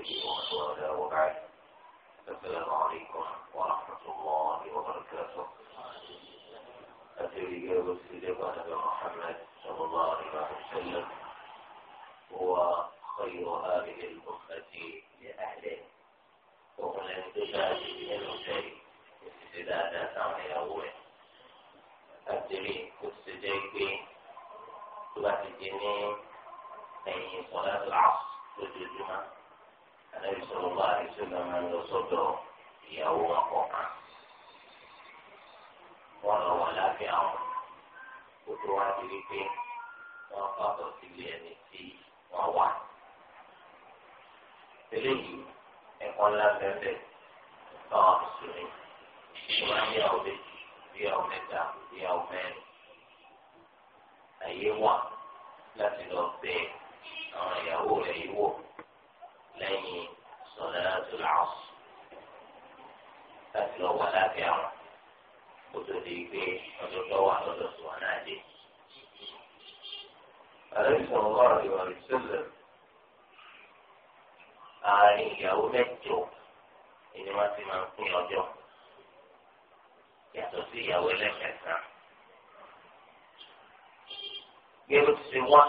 الله تعالى السلام عليكم ورحمة الله وبركاته أتري جاب السجاب محمد صلى الله عليه وسلم sẹ́lẹ̀ máa lọ sọ́dọ̀ ìyàwó wọn lọ wọ́n lábẹ́ àwọn kó tó wá di wípé wọ́n pàtó sílé ẹni tí wọ́n wà. eléyìí ẹ̀kọ́ ńlá bẹ́ẹ̀ báwọn mùsùlùmí ṣe wá ní àwọn méjì bí àwọn mẹ́ta bí àwọn mẹ́rin. àyè wà láti lọ bẹ àwọn ìyàwó rẹ̀ yìí wò lẹ́yìn. صلاة العصر láti lọ wà láàbẹ̀ àwọn kó tó di pé ọjọ́ tó wà lọ́dọ̀ tó wà náà dé. Àlejò sọ̀rọ̀ lọ́rọ̀ ìwà rẹ̀ sílẹ̀. Àárín ìyàwó mẹ́jọ ni wọ́n ti máa ń pín ọjọ́. Yàtọ̀ sí ìyàwó ẹlẹ́mẹ̀sán. Gẹ́gẹ́ bó ti ṣe wá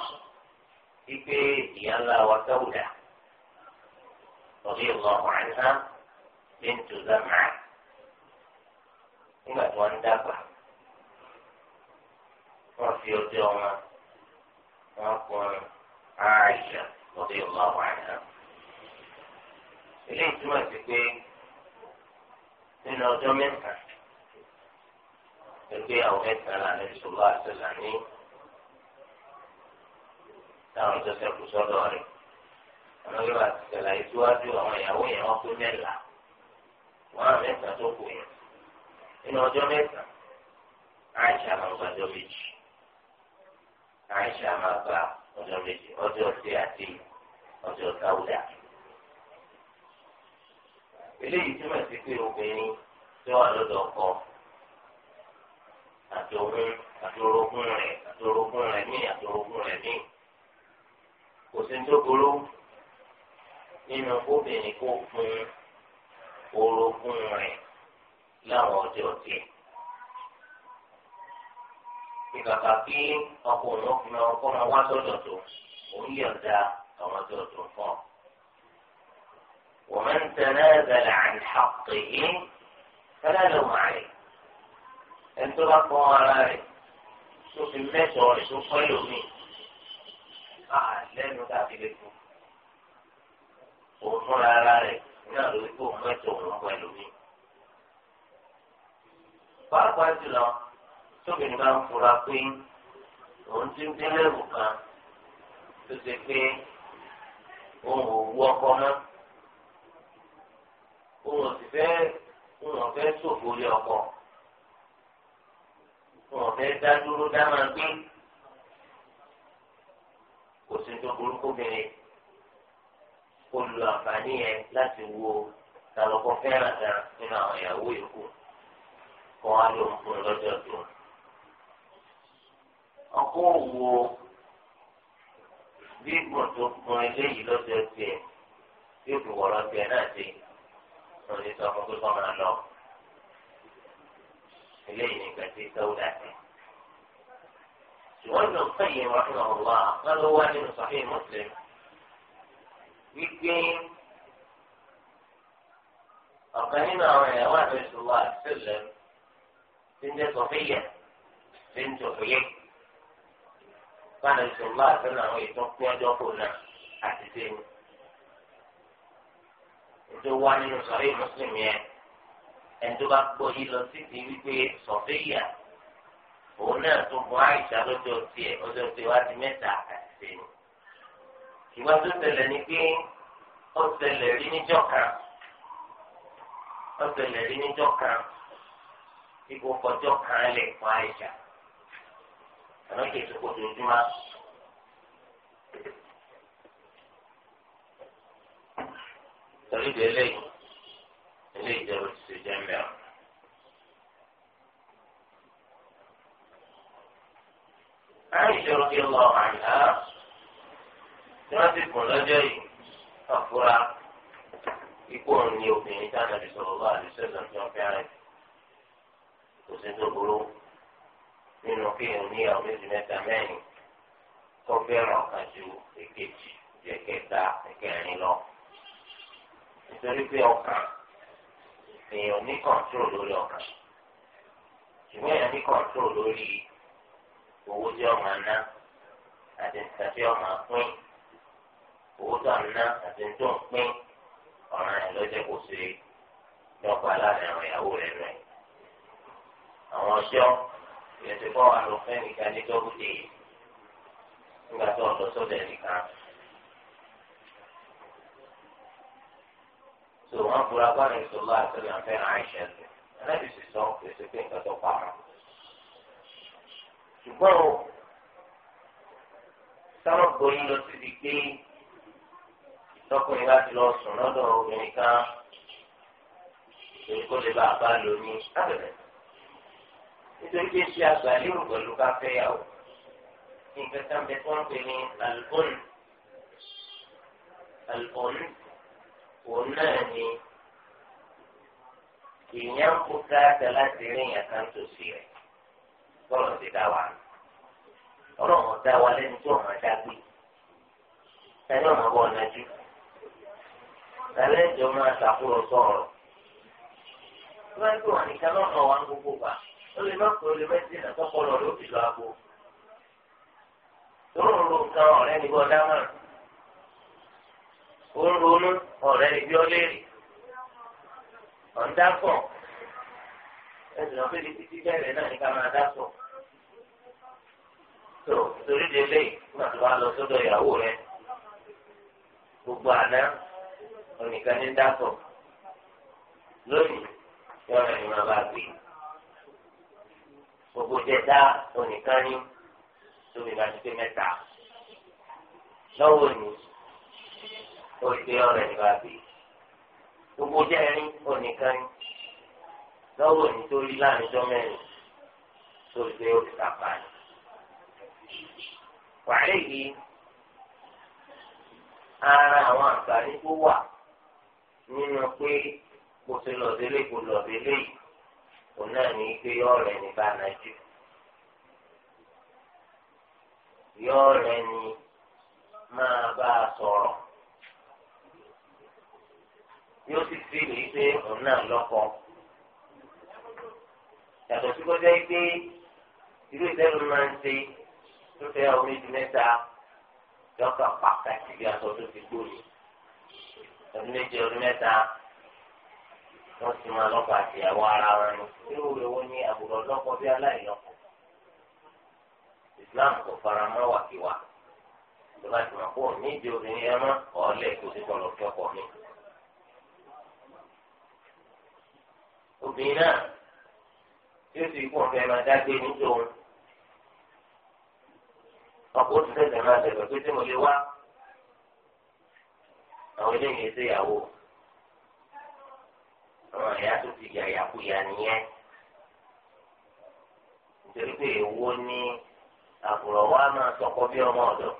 wípé ìyá ńlá wa sáwùdà. رضي الله عنها بنت زمعة nígbà tí wọ́n ń dàgbà wọ́n fi ọjọ́ wọn wọ́n kún Aisha lọ́dọ̀ yóò lọ́wọ́ àná. eléyìí túmọ̀ sí pé nínú ọjọ́ mẹ́ta ẹgbẹ́ àwọn mẹ́ta lànà ìṣòro àti lànà táwọn tó ṣẹ́kù sọ́dọ̀ rẹ̀ ọlọ́run bá ti sẹ̀lá ìtúwájú àwọn ìyàwó yẹn wọ́n pé mẹ́la wọ́n á mẹ́ta tó kù yẹn nínú ọjọ́ mẹ́ta àìsà máa gba ọjọ́ méjì àìsà máa gba ọjọ́ méjì ọjọ́ tí àti ọjọ́ táwùdà. eléyìí túmọ̀ sí pé obìnrin tí wọ́n lọ́dọ̀ ọkọ àtòhun àtòrógún rẹ̀ àtòrógún rẹ̀ mí àtòrógún rẹ̀ mí kò sí ní tó burú nínú obìnrin kó fún orogún rẹ̀ láwọn ọjọ́ tiẹ̀. ìkàkà kí ọkùnrin ọkùnrin ọkọ máa wá sọ́dọ̀ tó òun yọ̀ǹda àwọn ọjọ́ tó fún ومن تنازل عن حقه فلا لوم عليه ẹni tó bá kọ́ ara rẹ̀ tó fi mẹ́sọ̀ọ́ rẹ̀ tó kọ́ lómi. òun fúnra ara rẹ̀ náà ló kó òun mẹ́tò òun pẹ̀lú mi. pàápàá jùlọ tóbìnrin bá ń fura pé òun ti ń délé ìwò kan tó ṣe pé òun ò wú ọkọ mọ́ òun ò sì fẹ́ òun ò fẹ́ lé ọkọ òun ò fẹ́ dá dúró dá kó lo àǹfààní yẹn láti wo tàlọ́kọ́ fẹ́ràn kan nínú àwọn ìyàwó ìkú kó wá ló ń fún lọ́jọ́ tó. ọkọ wo bí gbọ̀n tó gbọ̀n eléyìí lọ́jọ́ tiẹ̀ bí òkú wọ̀rọ̀ tiẹ̀ náà ti lọ́ọ́ ní sọ fún pé máa lọ. eléyìí nìkan ti sọ́wọ́dà sí. ṣùgbọ́n ìlú fẹ́yìn rahman allah wọn ló wá nínú sọ́fẹ́ muslim wípé ọ̀kan nínú àwọn ìyàwó àdéhùsọ̀lá àtẹ̀lẹ̀ ti ń jẹ́ sọ̀fẹ́yà ti ń jọ̀fẹ́yà báyìí sọ̀lá àtẹ̀lẹ̀ àwọn ìtàn pín ọjọ́ kò náà àti tẹ̀wé. ètò wa nínú sọ̀rọ̀ ìmùsùlùmí yẹn ẹni tó bá gbọ́ yìí lọ sí ti wípé sọ̀fẹ́yà òun náà tó bọ́ àìsà lọ́jọ́ tiẹ̀ ọjọ́ tiẹ̀ wá mẹ́ta àti tẹ̀wé ìwà tó ṣẹlẹ̀ ni pé ó ṣẹlẹ̀ rí níjọ́ kan ó ṣẹlẹ̀ rí níjọ́ kan tí kò kọjọ́ kan lè pa ìjà àmọ́ kì í ṣe kó dojúmọ́. torí ìdè eléyìí eléyìí jẹ́ òṣìṣẹ́ jẹ́ mẹ́rin. عائشة رضي الله عنها tí wọ́n ti kùn lọ́jọ́ yìí àfúrá ikú òun ni obìnrin táwọn ẹbí sọ̀rọ̀ wá àdìsẹ́ lọ sí ọ̀fẹ́ rẹ̀ kò sí tó burú nínú kí èèyàn níyàwó méjì mẹ́ta mẹ́rin tó fẹ́ràn ọ̀kan ju èkejì ẹ̀kẹta ẹ̀kẹrin lọ nítorí pé ọkàn èèyàn ní kọ̀ǹtró lórí ọkàn ṣùgbọ́n èèyàn ní kọ̀ǹtró lórí owó tí ọmọ aná àti nǹkan ọmọ pín owó tó ń ná àti tó ń pín ọ̀ràn ẹ̀ lọ́jọ́ kò sí lọ́pàá láàrin àwọn ìyàwó rẹ̀ nù àwọn ọjọ́ ìrètí kọ́ wà ló fẹ́ nìkan ní dọ́gùdì nígbà tó ọ̀dọ́ sọ́dọ̀ nìkan. tó wọn fura pàrọ̀ ìṣòro àti ìlànà àìṣẹ́ tó ẹlẹ́bi sì sọ pèsè pé nǹkan tó pa wọn. ṣùgbọ́n o sáwọn kò ń lọ síbi pé tọkùnrin bá ti lọ sùn lọ́dọ̀ obìnrin kan èyí kó lè bá a bá lò ní abẹ́rẹ́ nítorí pé ṣe àgbà lérò pẹ̀lú káfẹ́ yàwó nǹkan kan bẹ tó ń ní albon albon òun náà ni èèyàn kó káàtà láti rí èèyàn kan tó sí rẹ̀ bọ́lọ̀ ti dá wa ọlọ́run dá wa lẹ́nu tó ọ̀hún dá gbé ẹni ọ̀hún bọ̀ ọ̀nà jù ẹlẹ́jọ́ máa ṣàkóso sọ̀rọ̀. tí wọ́n ń pè wọ́n náà mọ̀ wá gbogbo gbà ó lè má pè ó lè mẹ́tì náà kọ́kọ́ lọ ló lọ abo. tó ń ro nǹkan ọ̀rẹ́ ni wọ́n dáhùn. ó ń ronú ọ̀rẹ́ ni bí ó léèrè. ọ̀ǹda pọ̀ ẹ̀sìn náà pébi títí bẹ̀rẹ̀ náà ní ká máa dá tó torí délé nígbà tó bá lọ sọ́dọ̀ ìyàwó rẹ̀ gbogbo àná onìkan ní dákọ̀ lónìí tí wọn ní máa bá gbé gbogbo jẹta onìkan ní tóbi bá ti pé mẹ́ta lọ́wọ́ ni ó gbé ọ̀rẹ́ ní bá gbé gbogbo jẹrin onìkan ní lọ́wọ́ ni tó láàrin ọjọ́ mẹ́rin tó gbé òkè ni wàhálà yìí ara àwọn àǹfààní tó wà nínú pé kò sí lọ́délé kò lọ́délé kò náà ní pé ọ̀rẹ́ ní bá nájú yọ̀ọ̀rẹ́ ni máa bá a sọ̀rọ̀ yóò sì fi lè pé òun náà lọ́kọ yàtọ̀ sí kọjá pé irú ìtẹ́lu máa ń ṣe tó fẹ́ àwọn méjì mẹ́ta yọ̀ọ̀kà pàtàkì bí aṣọ tó ti gbòòrò ọdún méje ọdún mẹ́ta wọ́n sì máa lọ́kọ̀ àti ìyàwó ara wọn ni irú rẹ̀ wọ́n ní àbùrọ̀ lọ́kọ̀ bí aláìlọ́kọ̀ Islam kò fara mọ́ wàkíwà tó bá ti mọ̀ pé òní ìdí obìnrin ẹ mọ́ ọ̀ọ́lẹ̀ kò sí kọ̀ lọ́kọ̀ ọkọ̀ mi. obìnrin náà tí ó sì kú ọ̀fẹ́ máa dágbé nítorí ọkọ̀ ó ti máa tẹ̀sẹ̀ pé tí mo lè wá àwọn eléyìí ṣe ìyàwó àwọn ìyá tó ti yà yàkuyà nìyẹn nítorí pé èwo ni àkùrọ̀ wa máa sọ̀kọ́ bí ọmọ ọ̀dọ̀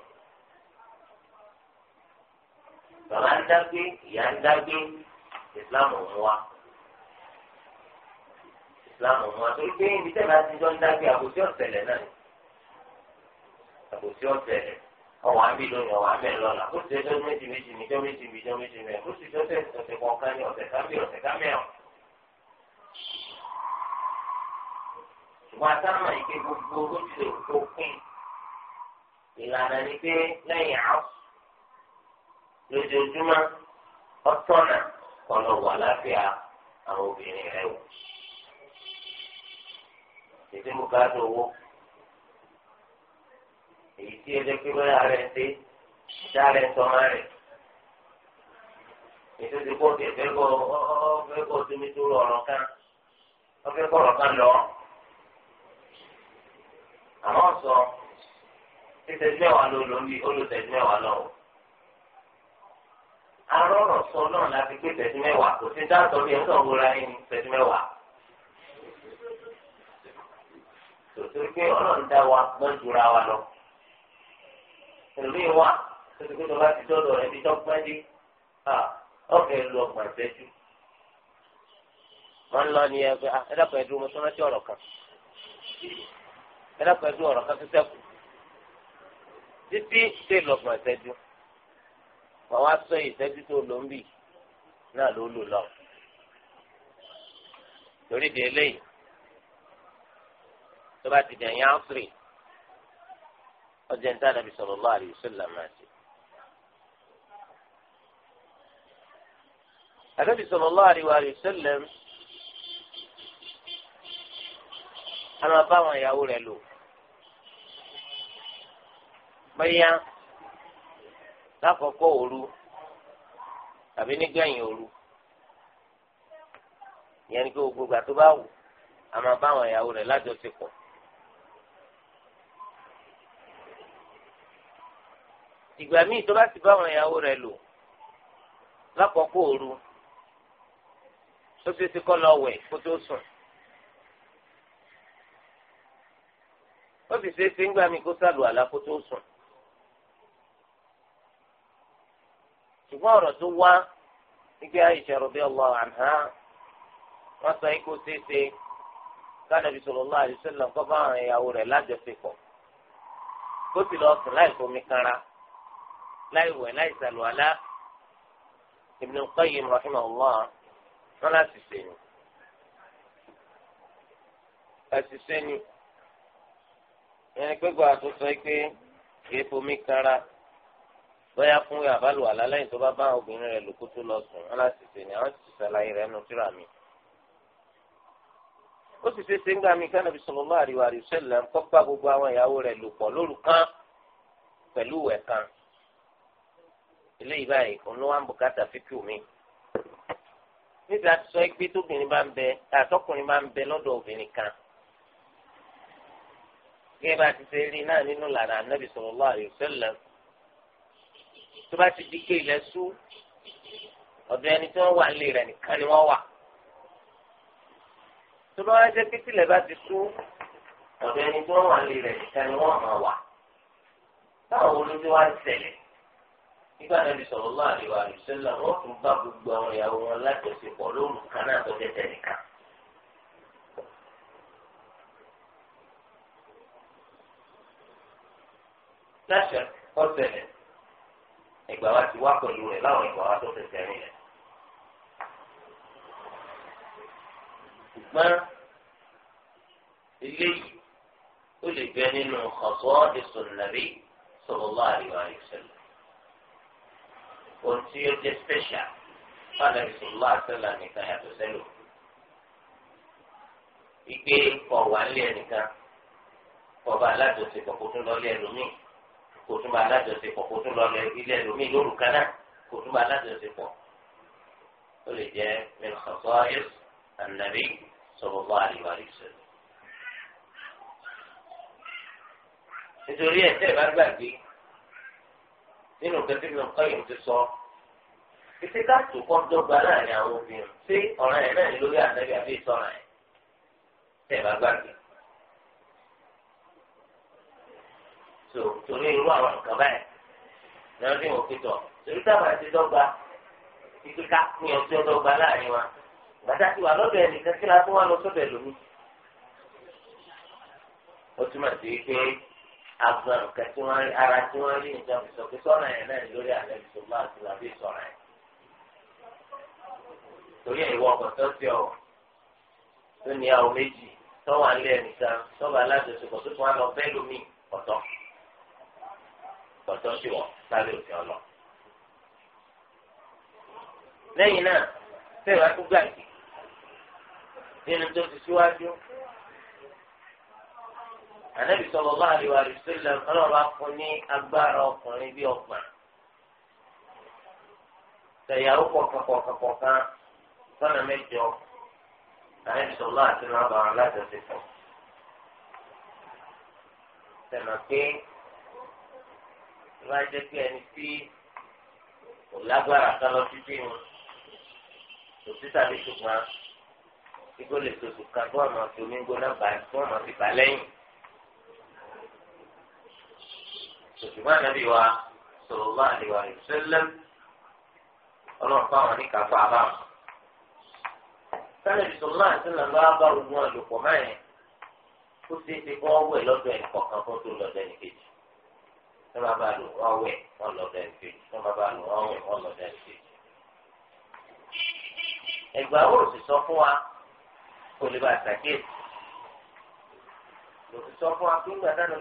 bàbá ń dágbé ìyá ń dágbé ìsìláàmù ń wá ìsìláàmù ń wá torí pé ibi tẹ́lẹ̀ àtijọ́ ń dágbé àbòsí ọ̀sẹ̀lẹ̀ náà àbòsí ọ̀sẹ̀lẹ̀ ọwọ́ àbí lónìí ọwọ́ àbẹ̀ lọ́la ó sì ẹjọ́ méjì méjì níjọ́ méjì níjọ́ méjì mẹ́rin ó sì jọ́sẹ̀ ọ̀sẹ̀ kọ̀ọ̀kan ní ọ̀sẹ̀ kábí ọ̀sẹ̀ kámẹ́rún. ṣùgbọ́n àtàmà ìké gbogbo ó ti lè kó pín ìlànà ni pé lẹ́yìn àwọ̀ lójoojúmọ́ ọ̀tọ́nà ọlọ́wọ́ àlàáfíà àwọn obìnrin rẹ̀ wò. ètò ìmúkàdùn owó èyí tí ẹjẹ pé bóyá rẹ ṣe ṣá rẹ sọmọ rẹ ètò ti kó kẹfẹ kó ọfẹ kó tómi tó lọ ọ̀rọ̀ kan ọfẹ kó ọ̀rọ̀ kan lọ àmọ́ sọ títẹjú mẹ́wàá ló ló ń bí olùtẹjú mẹ́wàá lọ o arọrọ sọ náà láti pé tẹjú mẹ́wàá kò sí dáàtọ bí ẹni tó ń ẹni tẹjú mẹ́wàá tòtò pé Ọlọ́run dá wa gbọ́n jura wa lọ ẹlòmíì wà tóbi kó tó bá ti dọ́dọ̀ ẹbí dọ́gbọ́n dé ọ̀fẹ́ lu ọgbà ìfẹ́jú. wọ́n lọ ní ẹgbẹ́ ẹ̀dàpọ̀ ẹ̀dùn mo sọ́nà sí ọ̀rọ̀ kan ẹ̀dàpọ̀ ẹ̀dùn ọ̀rọ̀ kan tó sẹ́kù títí ṣe lọ́gbọ̀n ìfẹ́jú wọ́n wá sọ ìfẹ́jú tó lò ń bì náà ló lò lọ. torí di eléyìí tó bá ti dẹ̀ yán áfírí ọjọ́ ní tàbí sallallahu alaihi wasallam máa ṣe. Ànábì sallallahu alaihi wasallam a máa bá àwọn ìyàwó rẹ̀ lò. Bóyá lákòókò òru tàbí nígbẹ̀yìn òru ìyẹn ni pé gbogbo ìgbà tó bá wù a máa bá àwọn ìyàwó rẹ̀ lájọṣepọ̀. ìgbà míì tó bá sì bá àwọn ìyàwó rẹ̀ lò lákòókò òru ó ṣeé ṣe kó lọ wẹ̀ kó tó sùn. ó sì ṣe é ṣe ń gbà mí kó sàlù àlá kó tó sùn. ṣùgbọ́n ọ̀rọ̀ tó wá nígbà Aisha radiyallahu anha wọ́n sọ ikú ṣeéṣe kánàbí sallallahu alaihi wasallam kọ́ bá àwọn ìyàwó rẹ̀ lájọṣepọ̀ kó sì lọ sùn láì fomi kanra láì wẹ̀ láì sàlùwàlá Ibn Qayyim rahimahullah wọn láti ṣe ni láti ṣe ni ẹni pẹ́gbọ́ àtúntò pé kì í fomi kanra bóyá fún àbálùwàlá lẹ́yìn tó bá bá obìnrin rẹ̀ lòkú tó lọ sùn wọn láti ṣe ni àwọn ti ṣàlàyé rẹ̀ nù síra mi ó sì ṣe ṣe ń gbà mí kí Ànábì sallallahu alaihi wa sallam kó bá gbogbo àwọn ìyàwó rẹ̀ lò pọ̀ lóru pẹ̀lú ìwẹ̀ kan eléyìí báyìí òun ló wá ń bùkátà fíkú mi níbi àti sọ pé tóbìnrin bá ń bẹ àtọkùnrin bá ń bẹ lọ́dọ̀ obìnrin kan gẹ́gẹ́ bá ti ṣe rí náà nínú làrá anábì sallallahu alaihi wasallam tó bá ti di pé ilẹ̀ sú ọ̀dọ̀ ẹni tí wọ́n wà ń lè rẹ̀ nìkan ni wọ́n wà tó bá wá jẹ́ pé tilẹ̀ bá ti sú ọ̀dọ̀ ẹni tí wọ́n wà ń lè rẹ̀ nìkan ni wọ́n hàn wà táwọn olójú wa ń ṣẹlẹ̀ nígbà náà ní sọ̀rọ̀ lọ́wọ́ àríwá àríṣẹ́lá wọ́n tún bá gbogbo àwọn ìyàwó wọn lájọṣepọ̀ lóru kan náà tó tẹ̀tẹ̀ nìkan. láṣẹ ọ̀sẹ̀lẹ̀ ìgbà wa ti wá pẹ̀lú rẹ̀ láwọn ìgbà wa tó tẹ̀tẹ̀ nílẹ̀. ṣùgbọ́n eléyìí ó lè bẹ nínú ọ̀sọ́ ìsọ̀nàbí sọ̀rọ̀ lọ́wọ́ àríwá àríṣẹ́lá ohun tí ó jẹ́ special fún àdàbìsọ̀lá àtẹ̀là nìkan yàtọ̀ sẹ́lò. Ìgbé ọ̀wà ńlẹ̀ nìkan kọba alájọsepọ̀ kó tún lọ́lẹ̀ ẹlòmíì kó tún bá alájọsepọ̀ kó tún lọ́lẹ̀ ilé ẹlòmíì lóru kan náà kó tún bá alájọsepọ̀. Ó lè jẹ́ min khasa'is an-nabi sallallahu alaihi wa sallam. Nítorí ẹ̀ tẹ́ ẹ bá gbàgbé nínú kẹtí mi ọkọ yìí ti sọ títí ká tó kọ́ dọ́gba láàrin àwọn obìnrin ṣé ọ̀ràn yẹn náà ní lórí àtẹ́bí àbí ìsọ̀ràn yẹn tẹ̀ bá gbàgbé. tó torí irú àwọn nǹkan báyìí ní wọ́n fi hàn pé tọ̀ torí táwọn àti dọ́gba títí ká pín ọtí ọdọ́gba láàrin wa bàtà tí wà lọ́dọ̀ ẹnìkan kí la wà lọ sọ́dọ̀ ó túmọ̀ sí pé àgbọn nǹkan tí ara tí wọ́n rí nìkan sọ pé sọ́nà yẹn náà lórí àlẹ́ ìṣòwò àti làbí ìṣọ̀ràn yẹn. torí ìwọ ọkọ̀ tó ọ̀ tó ní àwọn méjì tọ́wọ́ alẹ́ nìkan tọ́wọ́ alájọṣepọ̀ tó tún wá lọ bẹ́ẹ̀ lómi ọ̀tọ̀ ọ̀tọ̀ sí wọ̀ lábẹ́ òfin ọlọ́ lẹ́yìn náà fẹ́ẹ̀ wá tó gbàgbé nínú tó ti síwájú ànábì sallallahu alaihi wa sallam ọlọ́run á fún ní agbára ọkùnrin bí ọgbọ̀n tẹ̀yàwó kọ̀ọ̀kan sọ́nà mẹ́jọ ànábì sallallahu àti náà bàrà látọ̀sí fún tẹ̀nà pé ìwà jẹ́ pé ẹni tí kò lágbára ká lọ títí mu kò sí tàbí ṣùgbọ́n igbó lè tòṣù ká tó fi omi gbóná bá tó àmọ́ fi bá lẹ́yìn. ṣùgbọ́n ànábì wa sallallahu alaihi wa sallam ọlọ́run fáwọn ní káfá bá wọn. sálẹ̀bì sallallahu alaihi wa sallam bá bá ogun àlòpọ̀ máa yẹn kó ṣeé ṣe kó wọ́n wẹ̀ lọ́dọ̀ ẹnì kọ̀ọ̀kan kó tó lọ́dọ̀ ẹnì kejì wọ́n bá bá lò wọ́n wẹ̀ wọ́n lọ́dọ̀ ẹnì kejì wọ́n bá bá lò wọ́n wẹ̀ wọ́n lọ́dọ̀ ẹnì kejì. ẹgbà ó sì sọ fún wa kó lè bá àtàkìyèsí lòsì sọ fún wa kí ń gbàdánù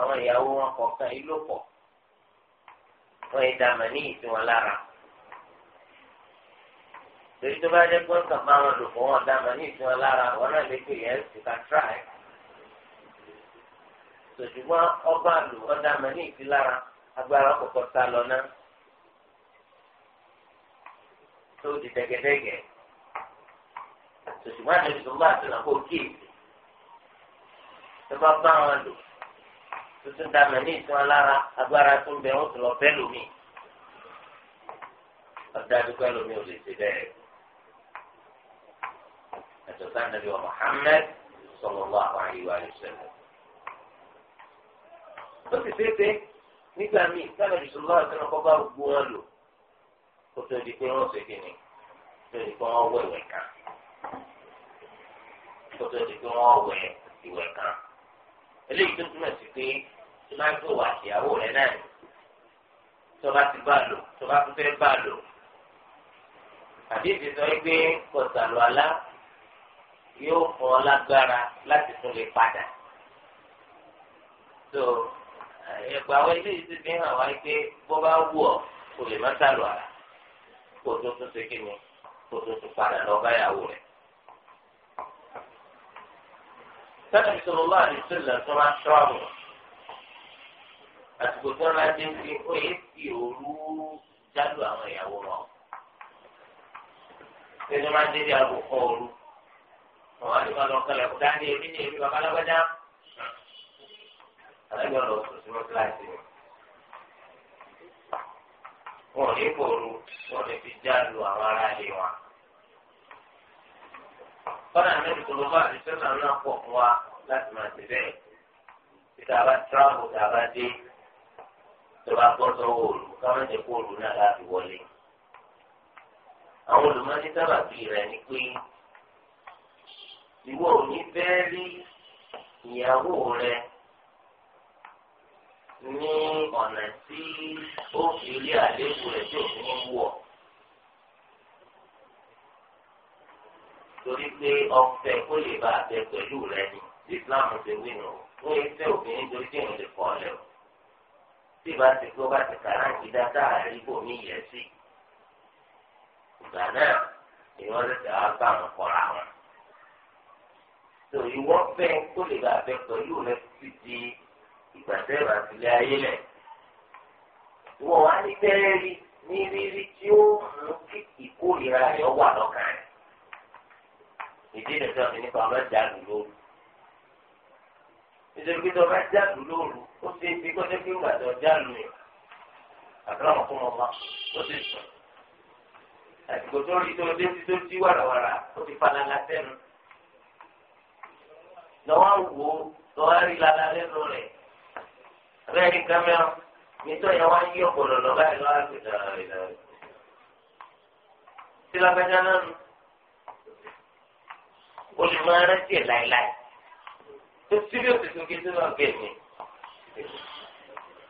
àwọn ìyàwó wọn kọ̀ọ̀kan ìlú pọ̀ wọ́n yẹ dàmà ní ìsìn wọn lára torí tó bá jẹ́ pé wọ́n kàn bá wọn lò fún wọn dàmà ní ìsìn wọn lára wọn náà lè pè yẹn sì ká tíráì sòṣùgbọ́n ọba lò wọ́n dàmà ní ìsìn lára agbára tuntun dàmẹ ní ìtàn alára agbára tó ń bẹ wọn tó lọ bẹ lómi ọdá dúpẹ́ lómi ò lè ṣe bẹ́ẹ̀ ẹ̀tọ́ sáà nàbí wa Muhammad sallallahu alaihi wa sallam tó ti pépé nígbà míì sábà jù sọlọ àti ọkọ bá gbó wọn lò kó tó di pé wọn ṣe kíni tó di pé wọn wẹwẹ kan kó tó di pé wọn wẹ ìwẹ̀ kan eléyìí tó túmọ̀ sí pé tó máa ń gbé wà ìyàwó rẹ náà tó bá ti bá lò tó bá tún fẹ́ bá lò àbí ìfisọ yìí pé kọ̀sàlù àlá yóò fún ọ lágbára láti tún lè padà tó ẹgbà àwọn eléyìí ti fi hàn wá pé bó bá wù ọ kò lè má sàlù àlá kó tó tún ṣe kí ni kó tó tún padà lọ báyàwó rẹ. sẹ́ni sọlọ́lá àdìsílẹ̀ tó máa ń ṣọ́ọ̀bù àsìkò tó máa dé sí ó yẹ kí òru jálù àwọn ìyàwó wọn. sẹ́ni máa dé bí aago kọ́ òru wọn á ní wọn lọ kọlẹ̀ kó dání èmi ní èmi bàbá alágbádá. alágbádá lọ sọ sí wọn kíláàsì rẹ. ò ní kó òru wọn ò fi jálù àwọn aráàlú wọn kọ́nà ní ìpolówó àdìsọ́nà náà pọ̀ fún wa láti máa ṣe bẹ́ẹ̀. Títà bá tíráàbù tá a bá dé tó bá gbọ́ sọ́wọ́ òòlù káwọn jẹ́ kó òòlù náà láti wọlé. Àwọn olùmọ́ni sábàbí rẹ̀ ni pé ìwọ ò ní fẹ́ rí ìyàwó rẹ ní ọ̀nà tí ó fi rí àléébù rẹ̀ tí òfin ń wọ̀. torí pé ọ̀fẹ́ kó lè bá abẹ pẹ̀lú rẹ ni Islam ti wí nù wọ́n yẹ fẹ́ obìnrin torí pé òun lè kọ́ ọ lẹ̀ o tí ìbá ti gbọ́ bá ti kàrá ìdá táàrí kò ní yẹ sí ìgbà náà ni wọ́n lè tẹ̀wá bá wọn kọ́ra wọn tó ìwọ́ fẹ́ kó lè bá abẹ pẹ̀lú rẹ ti di ìgbà tẹ́lẹ̀ àti ayé lẹ̀ wọ́n wá ní bẹ́ẹ̀ rí ní rírí tí ó mú kí ìkórìíra rẹ̀ wà lọ́kàn rẹ̀ ìdí rẹ̀ sọ̀rọ̀ nípa ọmọ ìjàdù lóru. nítorí pé ọmọ ìjàdù lóru ó ṣe é fi kọ́jọ́ pé ìgbà tó jàdù yẹn àbúrò àwọn kọ́mọ ọmọ ó ti sùn. àsìkò tó rí tó dé tó ti wàràwàrà ó ti falala sẹ́nu. lọ́wọ́ wò ó lọ́wọ́ rí lala lẹ́nu rẹ̀. abẹ́rẹ́ ní kámẹ́rà nítorí yẹn wá yí ọ̀pọ̀lọpọ̀ báyìí lọ́wọ́ àgbẹ̀dàrà rẹ̀. sílágbájá náà nù o lè máa rántí ẹ̀ láéláé tó síbi ó ti tún kí sínú ọ̀gá ẹ̀mí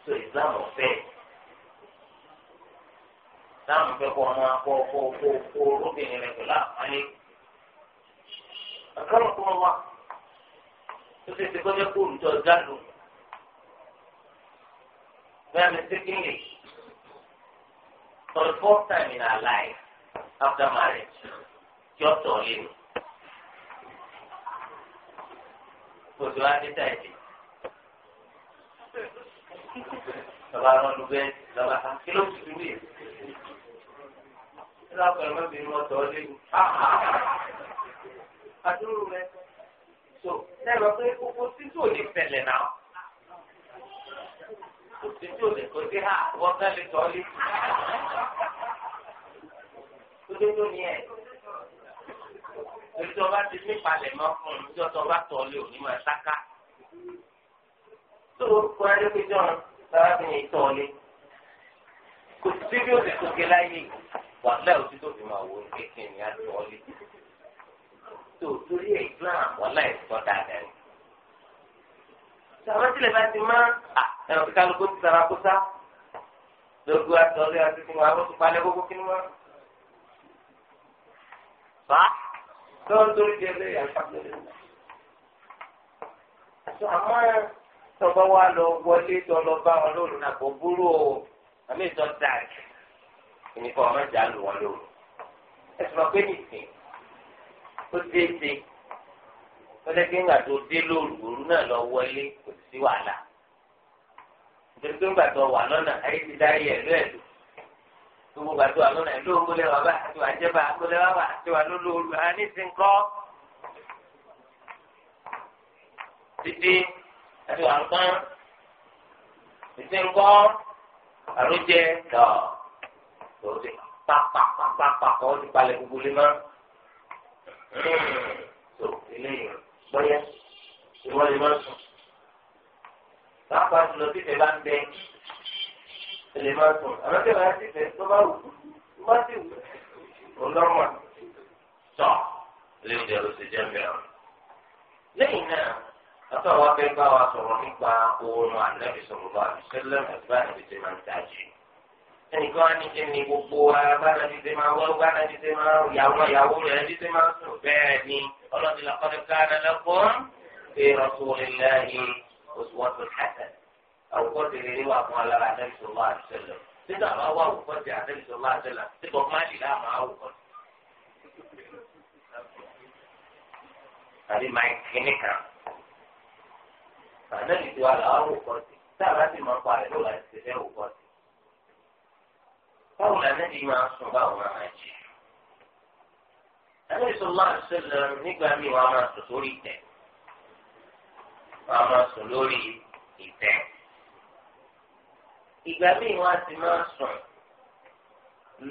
tó ìsìlámù fẹ́ ìsìlámù fẹ́ kó ọmọ akọ kó kó kó obìnrin rẹ pẹ̀lú àpáyé àkàrà kó wọn wá tó ti ti kọ́ jẹ́ kó olùjọ́ jáde bẹ́ẹ̀ ni for the fourth time in our life after marriage kí ọ̀tọ̀ lè mi. kòtò adéta ẹ̀dì. Bàbá àwọn olùgbé bàbá kan kí ló tutù bí? Ṣé lápẹ̀ ọmọ mi mọ tọ́ léwu? Àdúró rẹ̀ so lẹ́nu pé gbogbo títí ò ní ṣẹlẹ̀ náà. Títí ò lè kó sí hà wọ́n fẹ́ lè lé. Tó dé tó ní ẹ̀ ẹni tó bá ti ní palẹ̀ mọ́ fún un níjọ́ tó bá tọ̀ lé òní máa sáká. tó kọ́ ẹ́ lókè jọ́ sárábìnrin tọ̀ lé kò sí sí bí ó ti tókè láyé wà láì ó ti tó fi máa wò ó kékeré ní àtọ̀ lé. tó torí ẹ̀ Islam wà láì sọ dáadáa ni. sàwọn tilẹ̀ bá ti máa ẹ̀rọ kíkálukú ti sara kó sá àtọ̀ lé àti kí wọ́n á bọ́ palẹ̀ gbogbo kí ni wọ́n tọ́wọ́n torí di ẹgbẹ́ yàrá pàtẹ́lẹ̀ náà. sọ àmọ́ tọ́gbọ́n wa lọ wọlé tọ́ lọ bá wọn lóru náà kò burú o àmì ìtọ́ dáàjì ìnìkan ọmọ ìjà lù wọn lóru. ẹ sọ pé nìsín ó dé ṣe pẹlẹkẹ ńgbà tó dé lóru òru náà lọ wọlé kò sí wàhálà. nítorí pé ńgbà tó wà lọ́nà ayé ti dá iye ẹ̀lú ẹ̀dùn gbogbo gbàtó àlọ́nà ẹ̀ lóòrùn lẹ́wà bá àti àjẹbà àgbọ̀lẹ́wà wà àti wà lólóòrù àníṣe ńkọ́. títí àti wà ńkọ́ títí ńkọ́ àlójẹ dọ̀ lóde pàpàpàpàpà kọ́ ó ti palẹ̀ gbogbo lé mọ́. tó eléyìí gbọ́yẹ́ ìwọ́n lè má sùn. pàápàá jùlọ títẹ̀ bá ń bẹ lè máa sùn àmọ́ tí wàá sì fẹ́ tó bá wù tó bá sì wù ó lọ́mọ tọ̀ lè jẹ́ ló ti jẹ́ mìíràn. lẹ́yìn náà àtọ̀wá fẹ́ bá wa sọ̀rọ̀ nípa oorun ànábì sọ̀rọ̀ bá mi sẹ́lẹ̀ ẹ̀fọ́ ànábì ti máa ń tají. ẹnìkan á ní kí ni gbogbo ara bánábì ti máa wọ́ bánábì ti máa yàwó yàwó rẹ̀ ẹbí ti máa sùn bẹ́ẹ̀ ni ọlọ́dún làkọ́ni ká àwòkọ́sì rere wà fún alára Ànábì sallallahu alaihi wasallam títà bá wà àwòkọ́sì Ànábì sallallahu alaihi wasallam tí bọ̀ máa dì láàmú àwòkọ́sì. tàbí máa ń kíní kan Ànábì tí wà láwọn àwòkọ́sì tá a bá sì máa ń pa àdúrà ti fẹ́ àwòkọ́sì. báwo ni Ànábì máa ń sùn báwo máa máa jì? Ànábì sallallahu alaihi ìgbà míì wọn á sì máa sùn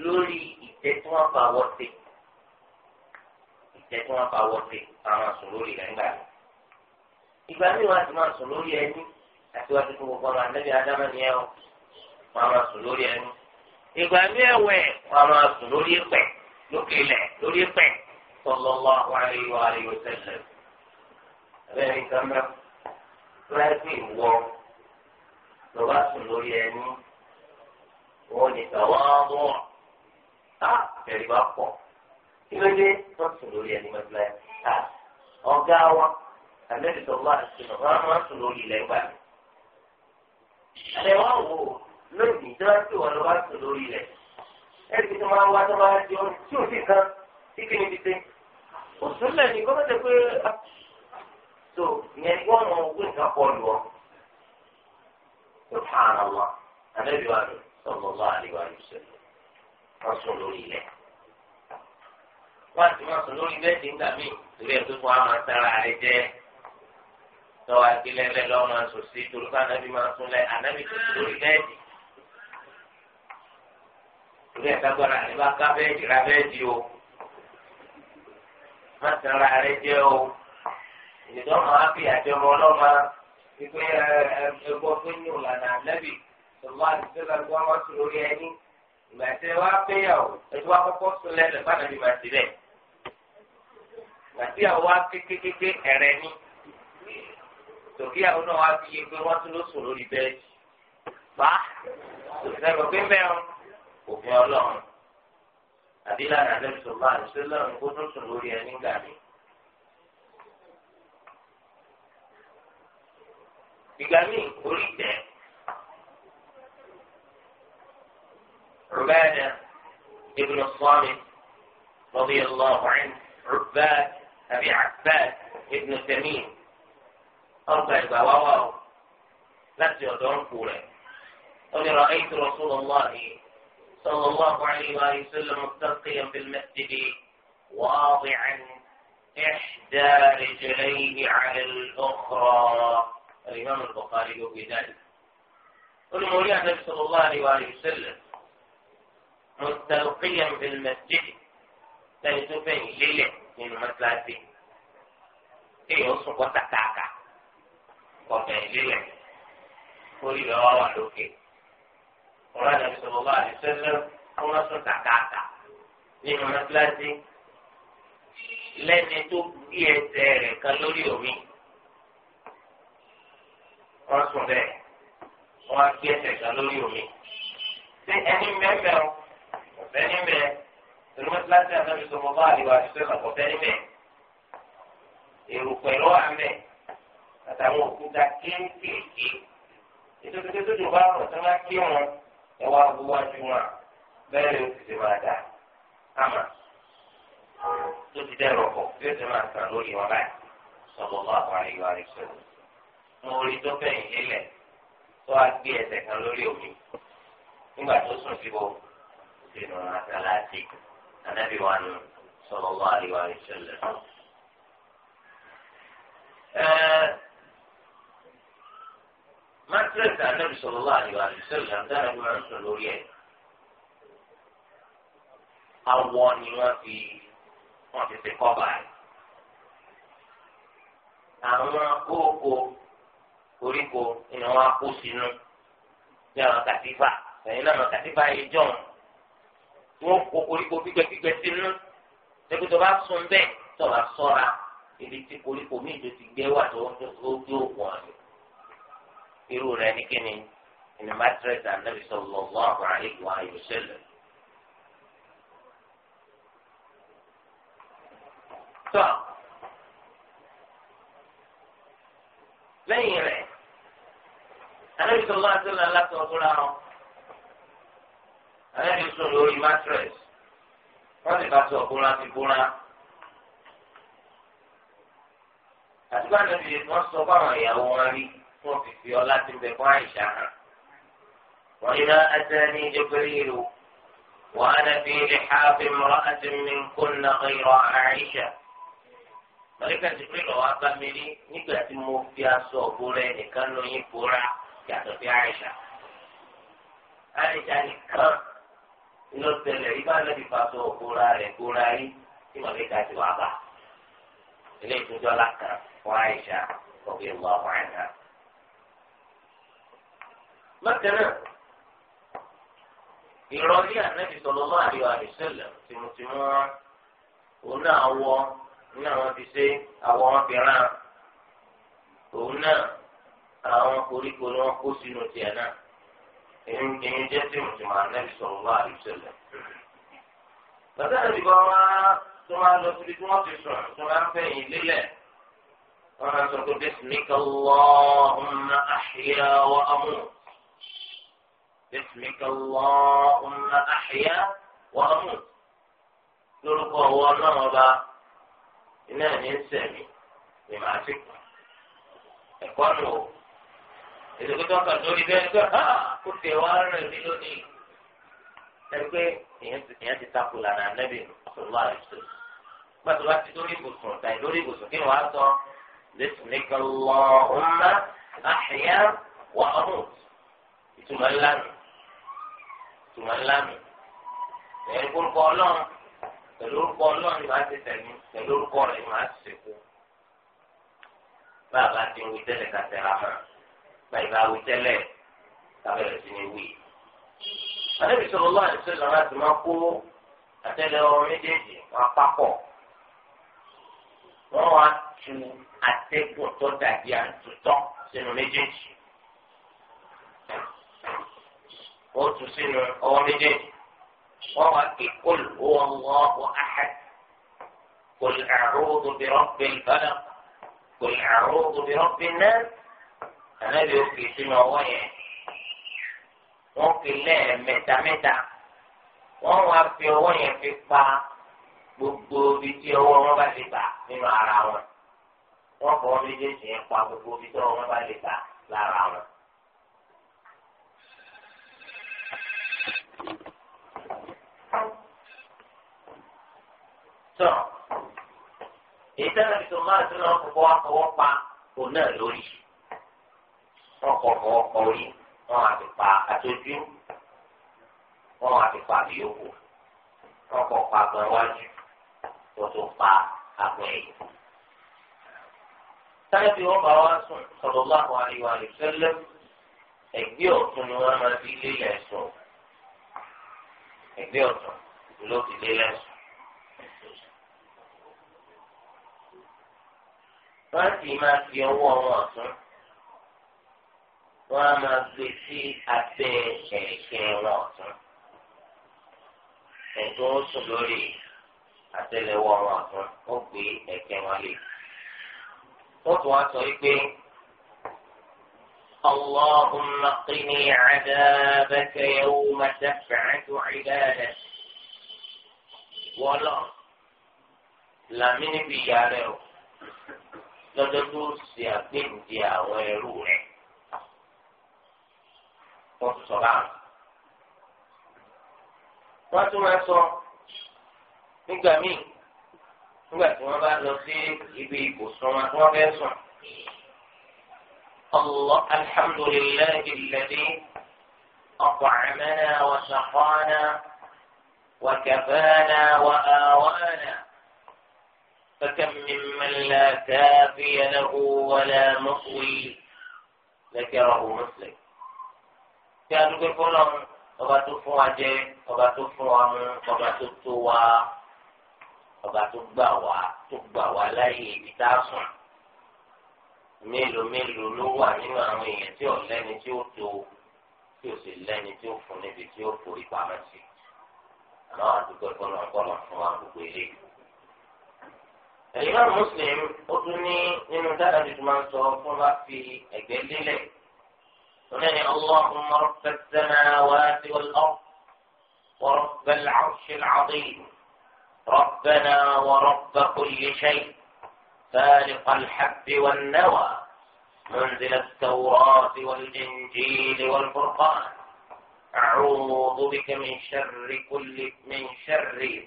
lórí ìtẹ́ tí wọ́n fa wọ́ sí ìtẹ́ tí wọ́n fa wọ́ sí àwọn sùn lórí rẹ̀ ńgbà mi. ìgbà míì wọn á sì máa sùn lórí ẹni àti wọ́n ti fún gbogbo ọmọ àlẹ́bí adámọ́ ni ẹ o wọ́n máa sùn lórí ẹni. ìgbà míì ẹ̀wẹ̀ wọ́n máa sùn lórí ẹ̀pẹ̀ lókè ilẹ̀ lórí ẹ̀pẹ̀ tọ́lọ́lọ́ àwọn àríwá àríwá tẹ̀lẹ̀. ẹ̀rẹ́ nìkan mẹ́rin ló bá sùn lórí ẹni wọn ní tàwáàbọ̀ á tẹ̀lé bá pọ̀ kí ló dé wọ́n sùn lórí ẹni mẹ́tìlá yà ọ̀gá wa àlẹ́lẹ́ tó wà sínú wọn máa sùn lórí ilẹ̀ gbà mí. àlẹ́ wa wò lónìí tí wọ́n ti wọ́n ló bá sùn lórí ilẹ̀ ẹ̀rí tó máa wá tó máa di ohun tí ò sí kan tí kìíní ti dé. òṣùlẹ̀ ni gómìnà pé ah, so ìyẹn ni wọ́n mọ ogún nǹkan pọ̀ lù ọ́. سبحان الله wa ni sallallahu alaihi wa sallam wọn sùn lórí ilẹ̀ wọn àti wọn sùn lórí bẹ́ẹ̀ ti ń gbà mí torí ẹ tó fún wa máa sára rẹ jẹ tọwọ akilẹlẹ lọ máa sùn sí torí fún anabi máa sùn lẹ anabi tó sùn lórí bẹ́ẹ̀ torí ẹ dágbára rẹ bá ká bẹ́ẹ̀ jìra bẹ́ẹ̀ o má sára rẹ jẹ o ìdánwò á fi àjọmọ ọlọ́mọ ìgbé ẹgbọ́ fún yín ìlànà ànábì sọlá àdìsẹ́lá gbọ́ wọn sùn lórí ẹni ìgbà tí wá péyàwó ẹtí wá kọ́kọ́ sùn lẹ́nu bá nàbí máa ti bẹ̀. ìgbà tí àwọn wá kékékéké ẹ̀rẹ̀ ni tòkí náà wá fi yé pé wọ́n tún ló sùn lórí bẹ́ẹ̀ pa òṣìṣẹ́ pé mẹ́rin òfin ọlọ́run àbí lànà ànábì sọlá àdìsẹ́lá ń kó tó sùn lórí ẹni gàdí. ìgbà míì orí tẹ̀. rúbẹ́ẹ̀dà ibn sọ́ọ̀mì lọ́bí ọlọ́ọ̀hún rúbẹ́ẹ̀ àbí àbẹ́ẹ̀ ibn tẹ̀mí ọgbà ìgbà wáwá o láti ọ̀dọ̀ ń kú rẹ̀. قل رأيت رسول الله صلى الله عليه وآله وسلم متقيا بالمسجد واضعا إحدى رجليه على الأخرى الإمام البخاري في ذلك والمولى صلى الله عليه وسلم مستلقيا في المسجد تنسفين لله من مسلاتي في يوصف وتكاكا وفين لله كل رواه لكي ورانا صلى الله عليه وسلم ونصر تكاكا من مسلاتي لن يتوب يسير كالوري ومين wọ́n sùn bẹ́ẹ̀ wọ́n á gbé ẹsẹ̀ kan lórí omi ṣé ẹni mẹ́fẹ́ o ọ̀fẹ́ ní mẹ́ tòlúmọ́síláṣí àtàbí tó mọ́ bá àdìwà àdìsẹ́ kàkọ́ ọ̀fẹ́ ní mẹ́ èrò pẹ̀lú àmẹ́ àtàwọn òkúta kéékèèké ètò tuntun tó dùn bá rọ̀ tó máa kí wọn ẹ wá wíwájú wọn bẹ́ẹ̀ ló ti ti máa dà àmà tó ti dẹ́rọ̀ pọ̀ bí ó ti máa sàn lórí wọn báyìí sọ̀bọ̀ bá àpárí wa rí sọ̀rọ̀ mo orí tó fẹ̀yìn lélẹ̀ tó a gbé ẹsẹ̀ kan lórí omi nígbà tó sùn síbo sínú àtàláṣí ànábì wa nù sọ̀rọ̀ wá àríwá ìṣẹ̀lẹ̀. Matrix ànábì sọ̀rọ̀ wá àríwá ìṣẹ̀lẹ̀ àtàláṣí ànábì wa ń sùn lórí ẹ̀. Awọ ni wọ́n fi wọ́n fi ṣe kọ́ba rẹ̀. Àwọn kókó koríko ni wọ́n á kó sínú ní àwọn kàtífà ẹ̀yìn náà àwọn kàtífà yìí jọ̀hún tí wọ́n kó koríko gbígbẹ́gbígbẹ́ sínú lẹ́gbẹ́ tó bá sùn bẹ́ẹ̀ tó bá sọ́ra ibi tí koríko míì tó ti gbé wà tó tó tó wọ̀ ọ́ irú rẹ̀ ní kíni ìní matress anabi sallallahu alayhi wa sallam. tọ́ lẹ́yìn rẹ̀ àlejò tó máa tó lọ́la tó ọkùnrin àwọn àlejò sùn lórí mattress wọ́n sì bá tó ọkùnrin àti búra. àti bá nàbí wọ́n sọ fáwọn ìyàwó wọn rí wọ́n fi fi ọlá ti bẹ̀ fún àìsàn hàn. wọ́n yí náà ní ìjọpẹ̀rẹ̀ ìlú. وأنا في لحاف امرأة منكن غير عائشة mọlẹkẹ ti pé lọ́wọ́ abamiri nígbà tí mo fi aṣọ òbúra ẹnìkan lọ yín búra yàtọ̀ sí àìsà àìsà nìkan ló tẹ́lẹ̀ ibà lẹbi fàṣọ òkúra rẹ kúra rí tí mọlẹka ti wà bá ilé ìtújọ làkà fún àìsà ọbẹ ìwà ọmọ àìsà. bákan náà ìrọ̀lẹ́ ànábì sọ̀rọ̀ máa rí àdìsẹ́lẹ̀ tìmùtìmù wọn òun náà wọ ní àwọn fi ṣe àwọn ọmọbìnrin òun náà. àwọn koríko ni wọ́n kó sínú tiẹ̀ náà èyí jẹ́ tí mo ti máa nẹ́bi sọ̀rọ̀ wá àdìsẹ́lẹ̀. bàtà ìdìbò wa tó máa lọ síbi tí wọ́n ti sùn tó máa ń fẹ̀yìn lélẹ̀ máa sọ pé lórúkọ ìdókòtò ọkàn lórí bẹ́ẹ̀ nígbà kó tẹ wá rẹ̀ mí lónìí. ẹgbẹ́ ìyẹn ti takò lànà anábì sallallahu alaihi wasallam. gbàtọ́ bá ti lórí ibùsùn tàì lórí ibùsùn kí wọ́n á sọ lẹ́sìnìkà Allahumma ahya wa amut. ìtumọ̀ ńlá nù ìtumọ̀ ńlá nù. ẹ̀rù orúkọ ọlọ́run pẹ̀lú orúkọ ọlọ́run ni màá ti tẹ̀mí pẹ̀lú orúkọ rẹ̀ màá ti sèkú. bá a bá ti ń wí tẹ́lẹ̀ ká tẹ̀ra hàn bàyìí bá wí tẹ́lẹ̀ kábẹ̀rẹ̀ sí ni wí. àdébí sọ̀rọ̀ lọ́wọ́ àdìsọ́ ìlànà àti máa kó àtẹ́lẹ̀ ọrùn méjèèjì wọn papọ̀. wọ́n wá tu atẹ́gùn tó dàbí àtúntọ́ sínú méjèèjì. wọ́n tu sínú ọwọ́ méjèèjì. wọ́n wá kí kólù owó ọ̀hún ahad. قل أعوذ برب الفلق قل أعوذ برب الناس ànábì ó fi sínú ọwọ́ yẹn wọ́n fi lẹ́ẹ̀mẹ́ta mẹ́ta wọ́n wá fi ọwọ́ yẹn fi pa gbogbo ibi tí ọwọ́ wọn bá lè bà nínú ara wọn wọ́n fọwọ́ méjèèjì yẹn pa gbogbo ibi tí ọwọ́ wọn bá lè bà lára wọn. tọ́ èyí tẹ́lẹ̀ tó máa tún náà fọwọ́ pa òun náà lórí wọn kọ fọwọ́ kọ orí wọn àti pa àtọ́jú wọn àti pa àbíyókù wọn kọ pa àgbọn iwájú wọn tó pa àgbọn ẹ̀yìn. sáyẹ́bí wọn bá wá sùn sallallahu alaihi wa sallam ẹ̀gbẹ́ ọ̀tún ni wọ́n máa fi lé lẹ́sùn ẹ̀gbẹ́ ọ̀tún ló fi lé lẹ́sùn. wọ́n sì máa fi ọwọ́ wọn ọ̀tún wọ́n á máa gbé sí abẹ́ ẹ̀kẹ́ wọn ọ̀tún ẹ̀tọ́ ó sùn lórí àtẹ́lẹwọ́ wọn ọ̀tún ó gbé ẹ̀kẹ́ wọn lé wọ́n tún wá sọ wípé اللهم قني عذابك يوم تبعث عبادك wọlọ làmì níbi ìyá rẹ o lọdọdún ṣe àgbéǹde àwọn ẹrú rẹ wọ́n sọ láàrú. wọ́n tún máa sọ nígbà míì nígbà tí wọ́n bá lọ sí ibi الله الحمد لله الذي أطعمنا وسقانا وكفانا وآوانا فكم ممن لا كافي له ولا مقوي ذكره مسلم kí a dúpẹ́ fọlọ́run ọba tó fún wa jẹ ọba tó fún wa mú ọba tó tó wa ọba tó gbà wá tó gbà wá láyé ibi tá a sùn mélòó mélòó ló wà nínú àwọn èèyàn tí ò lẹ́ni tí ó tó tí ò sì lẹ́ni tí ó fún níbi tí ó forí pamọ́ sí àmọ́ àdúgbò ìfọlọ́n kọ́lọ̀ fún wa gbogbo ilé. ẹ̀yìn náà Muslim ó tún ní nínú dáadáa tuntun máa ń sọ fún wa fi ẹ̀gbẹ́ lélẹ̀. ومن اللهم رب السماوات والأرض ورب العرش العظيم ربنا ورب كل شيء فالق الحب والنوى منزل التوراة والإنجيل والفرقان أعوذ بك من شر كل من شر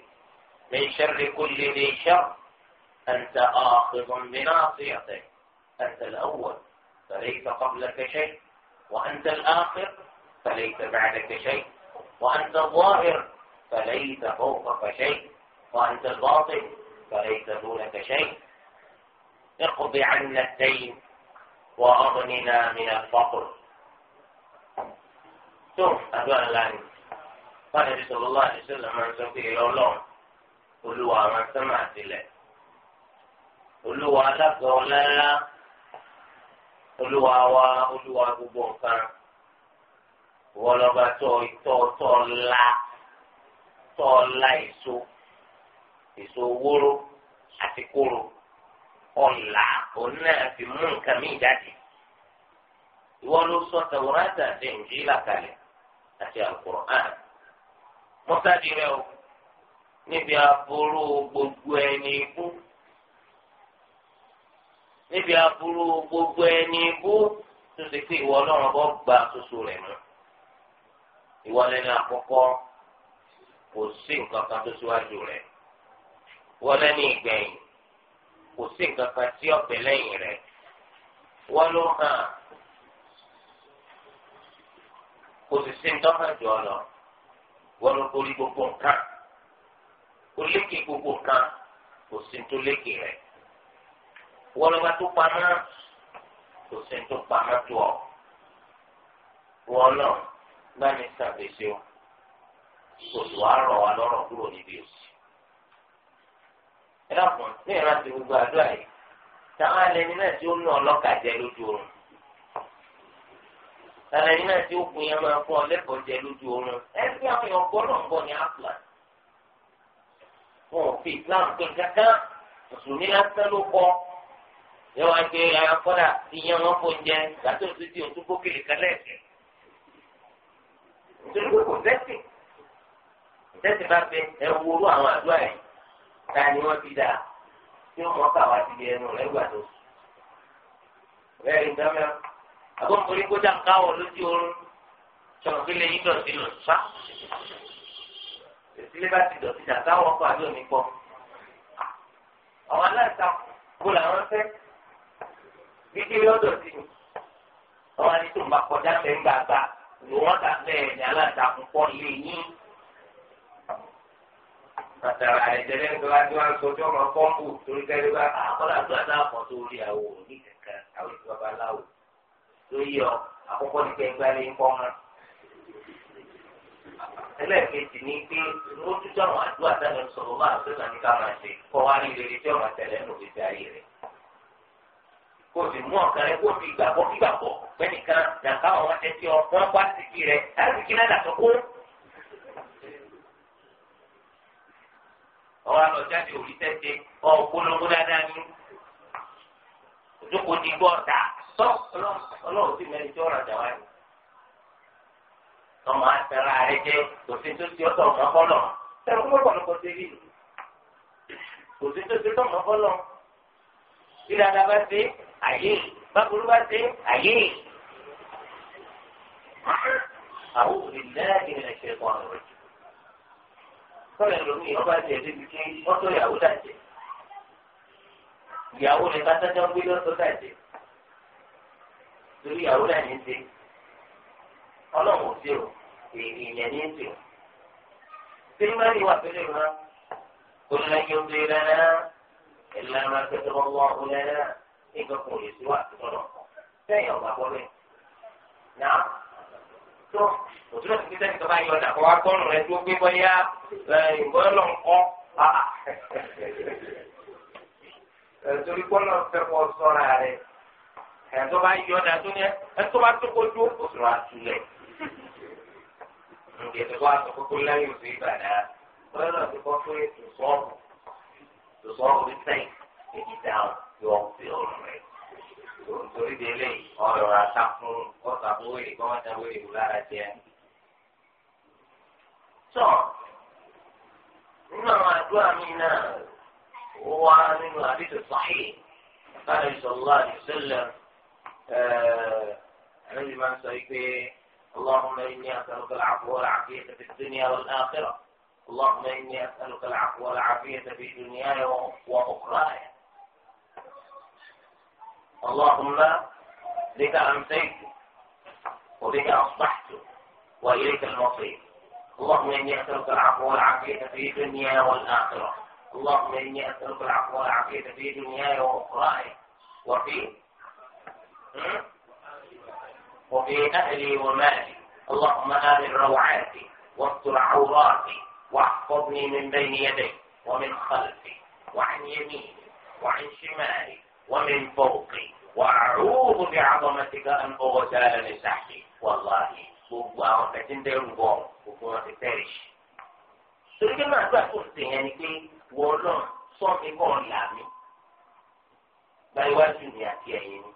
من شر كل ذي شر أنت آخذ بناصيته أنت الأول فليس قبلك شيء وأنت الآخر فليس بعدك شيء وأنت الظاهر فليس فوقك شيء وأنت الباطن فليس دونك شيء اقض عنا الدين وأغننا من الفقر ثم أدوان لاني قال النبي صلى الله عليه وسلم من سوفي يولون قلوا من سمعت له قلوا لك ولا olúwa wa olúwa gbogbo nǹkan wọ́n lọ́ba tọ́ ìtọ́ tọ́ la tọ́ la èso èso wóró àti kóró ọ̀la òun náà fi mú nǹkan mí jáde ìwọ ló sọ tẹwúrẹ́tà àti ìjìlá kalẹ̀ àti àkùrọ̀án mọ́tàdínlẹ́ o níbi aburú gbogbo ẹni ikú níbi aburú gbogbo ẹni bú tó ti pé ìwọ ọlọ́run bọ́ gba soso rẹ̀ mọ́ ìwọ lẹ́ni àkọ́kọ́ kò sí nǹkan kan tó síwájú rẹ̀ ìwọ lẹ́ni ìgbẹ̀yìn kò sí nǹkan kan tí ọ̀bẹ lẹ́yìn rẹ̀ ìwọ ló hàn kò sì sí nǹkan kan jọ lọ ìwọ ló borí gbogbo nǹkan kò lékè gbogbo nǹkan kò sí tó lékè rẹ̀ wọlọba tó pamọ́ kò sí tó pamọ́ tó ọ wọlọ bá mi sàbẹsẹ o kò tó wàá rọ wa lọ́rọ̀ kúrò níbi òsì ẹ dàpọn ní ìrántí gbogbo àdúrà yìí táwọn alẹni náà tí ó nù ọlọ́kàjẹ lójú oorun tàlẹ́ yín náà tí ó kun yẹn máa kọ́ lẹ́kọ̀ọ́ jẹ lójú oorun ẹgbẹ́ àwọn èèyàn gbọ́dọ̀ ń bọ̀ ní àpùlà wọn ò fi Islam kankan mùsùlùmí lásán ló kọ́ yẹ wọn gbé akọ́dà tí yẹn wọn fò ń jẹ gbàtò tó di òtún gbókèlè kẹlẹ́ ẹ̀kẹ́ nítorí pé kò tẹ́sì tẹ́sì bá fẹ́ ẹ wúru àwọn àdúrà yẹn ta ni wọ́n fi dà tí wọ́n mọ̀ káwá ti di ẹnu rẹ̀ gbàdó bẹ́ẹ̀ ni dáná àbọ̀ nítorí kó dà káwọ̀ lójú oorun sọ̀rọ̀ kí lè lọ sá ìdílé bá ti dọ̀tí dà káwọ̀ kọ́ àdó mi pọ̀ àwọn aláìsàn kó làwọn fẹ́ kékeré ọ̀dọ̀ sí mi ọwọ́ àti tó ń bá kọjá bẹ́ẹ̀ ń gbàgbà ló wọ́n ta bẹ́ẹ̀ ní aláǹtakùn pọ̀ lé yín. Àtàrà ìjẹ́lẹ̀ ń gbọ́dọ̀ wá sójú ọmọ pọ́ńpù torí kẹ́lẹ́ bá àkọ́lá ah, tó adá àpọ̀ tó rí àwọ̀ ní kankan àwọn ìjọba babaláwo tó yí ọ àkọ́kọ́ ní kẹ́ gbálẹ̀ ń pọ́ mọ́. Ẹlẹ́ẹ̀kejì ni pé lójútọ́ àwọn àdúrà dáná sọ̀rọ̀ máa ń sọ̀rọ̀ ká máa ṣe kọ́ wá ní ìrírí tí ọmọ kó o sì mú ọ̀kan rẹ kó o fi gbàgbọ́ gbígbàgbọ́ pẹ́nìkan nàka ọ̀wọ́n tẹ sí ọ wọ́n bá sìkì rẹ láti kí náà dàtọ́ kó. ọwọ́ àlọ́ jáde òrí tẹ́tẹ́ ọ̀ polongo dáadáa ní ojúkò ní gbọ́ ọ̀tá sọ ọlọ́run sì mẹ́rin tí ó rajà wáyé. ọmọ àtàrà rẹ jẹ òfin tó ti ọ̀tọ̀ ọmọ fọlọ́ tẹ̀wọ́n mọ́kànlọ́kọ̀ tẹ́lẹ̀ òfin tó bí dáadáa bá ṣe àyè báburú bá ṣe àyè. àwọn òbílẹ̀ ìrìn àṣẹ kan rẹ̀ sọ̀rọ̀ ìlòmí ọba jẹ débi kí wọ́n tó ìyàwó dàjẹ́ ìyàwó ni kásájọ́ ń gbé lọ́tọ́ dàjẹ́ torí ìyàwó dà ní í ṣe ọlọ́run ò sí o èèyàn ní í o. sínú bá ní ìwà pẹ̀lú ìwà kò ní lẹ́yìn obìnrin náà. إلا ما كتب الله لنا إنكم يسوى تطلق sẹ́yìn ọ̀gbà bọ́lẹ̀ náà tó òtún ẹ̀sìn kíkẹ́ nìkan bá yọ ọ̀dà kó wá tọ́nù rẹ tó gbé bọ́yá ìbọn lọ ń kọ́ torí kọ́nà fẹ́ kọ́ sọ́ra rẹ ẹ̀tọ́ bá yọ ọ̀dà tó ní ẹ̀tọ́ bá tó kojú òṣù àtúlẹ̀ nǹkan tó wà sọ kókó lẹ́yìn òṣù ìbàdàn kọ́nà tó kọ́ pé tó sọ́ọ̀rù. There's wrong with saying, take it down, you won't feel right. Torí de ilé ọ̀rọ̀ ata fún ọ̀sà fún wèrè kọ́ máa dán wèrè wò lára jẹ. Tọ́ nínú àwọn àdúrà mi náà ó wá nínú àdìsẹ̀ sọ́hì láti sọ̀rọ̀ àdìsẹ́lẹ̀ ẹ̀ẹ́dì máa ń sọ pé اللهم إني أسألك العفو والعافية في الدنيا والآخرة اللهم إني أسألك العفو والعافية في دنياي وأخراي اللهم بك أمسيت وبك أصبحت وإليك المصير اللهم إني أسألك العفو والعافية في دنياي والآخرة اللهم إني أسألك العفو والعافية في دنياي وأخراي وفي وفي أهلي ومالي اللهم آمن روعاتي واستر عوراتي واحفظني من بين يدي ومن خلفي وعن يميني وعن شمالي ومن فوقي وأعوذ بعظمتك أن أغتال من تحتي والله gbogbo àwọn kẹtí ń dẹrù bọ gbogbo wọn ti tẹrí. torí pé màá gbà tó ṣe yẹn ni pé wọ́n náà sọ mi kàn là mí. gba mi àti ẹ̀yìn mi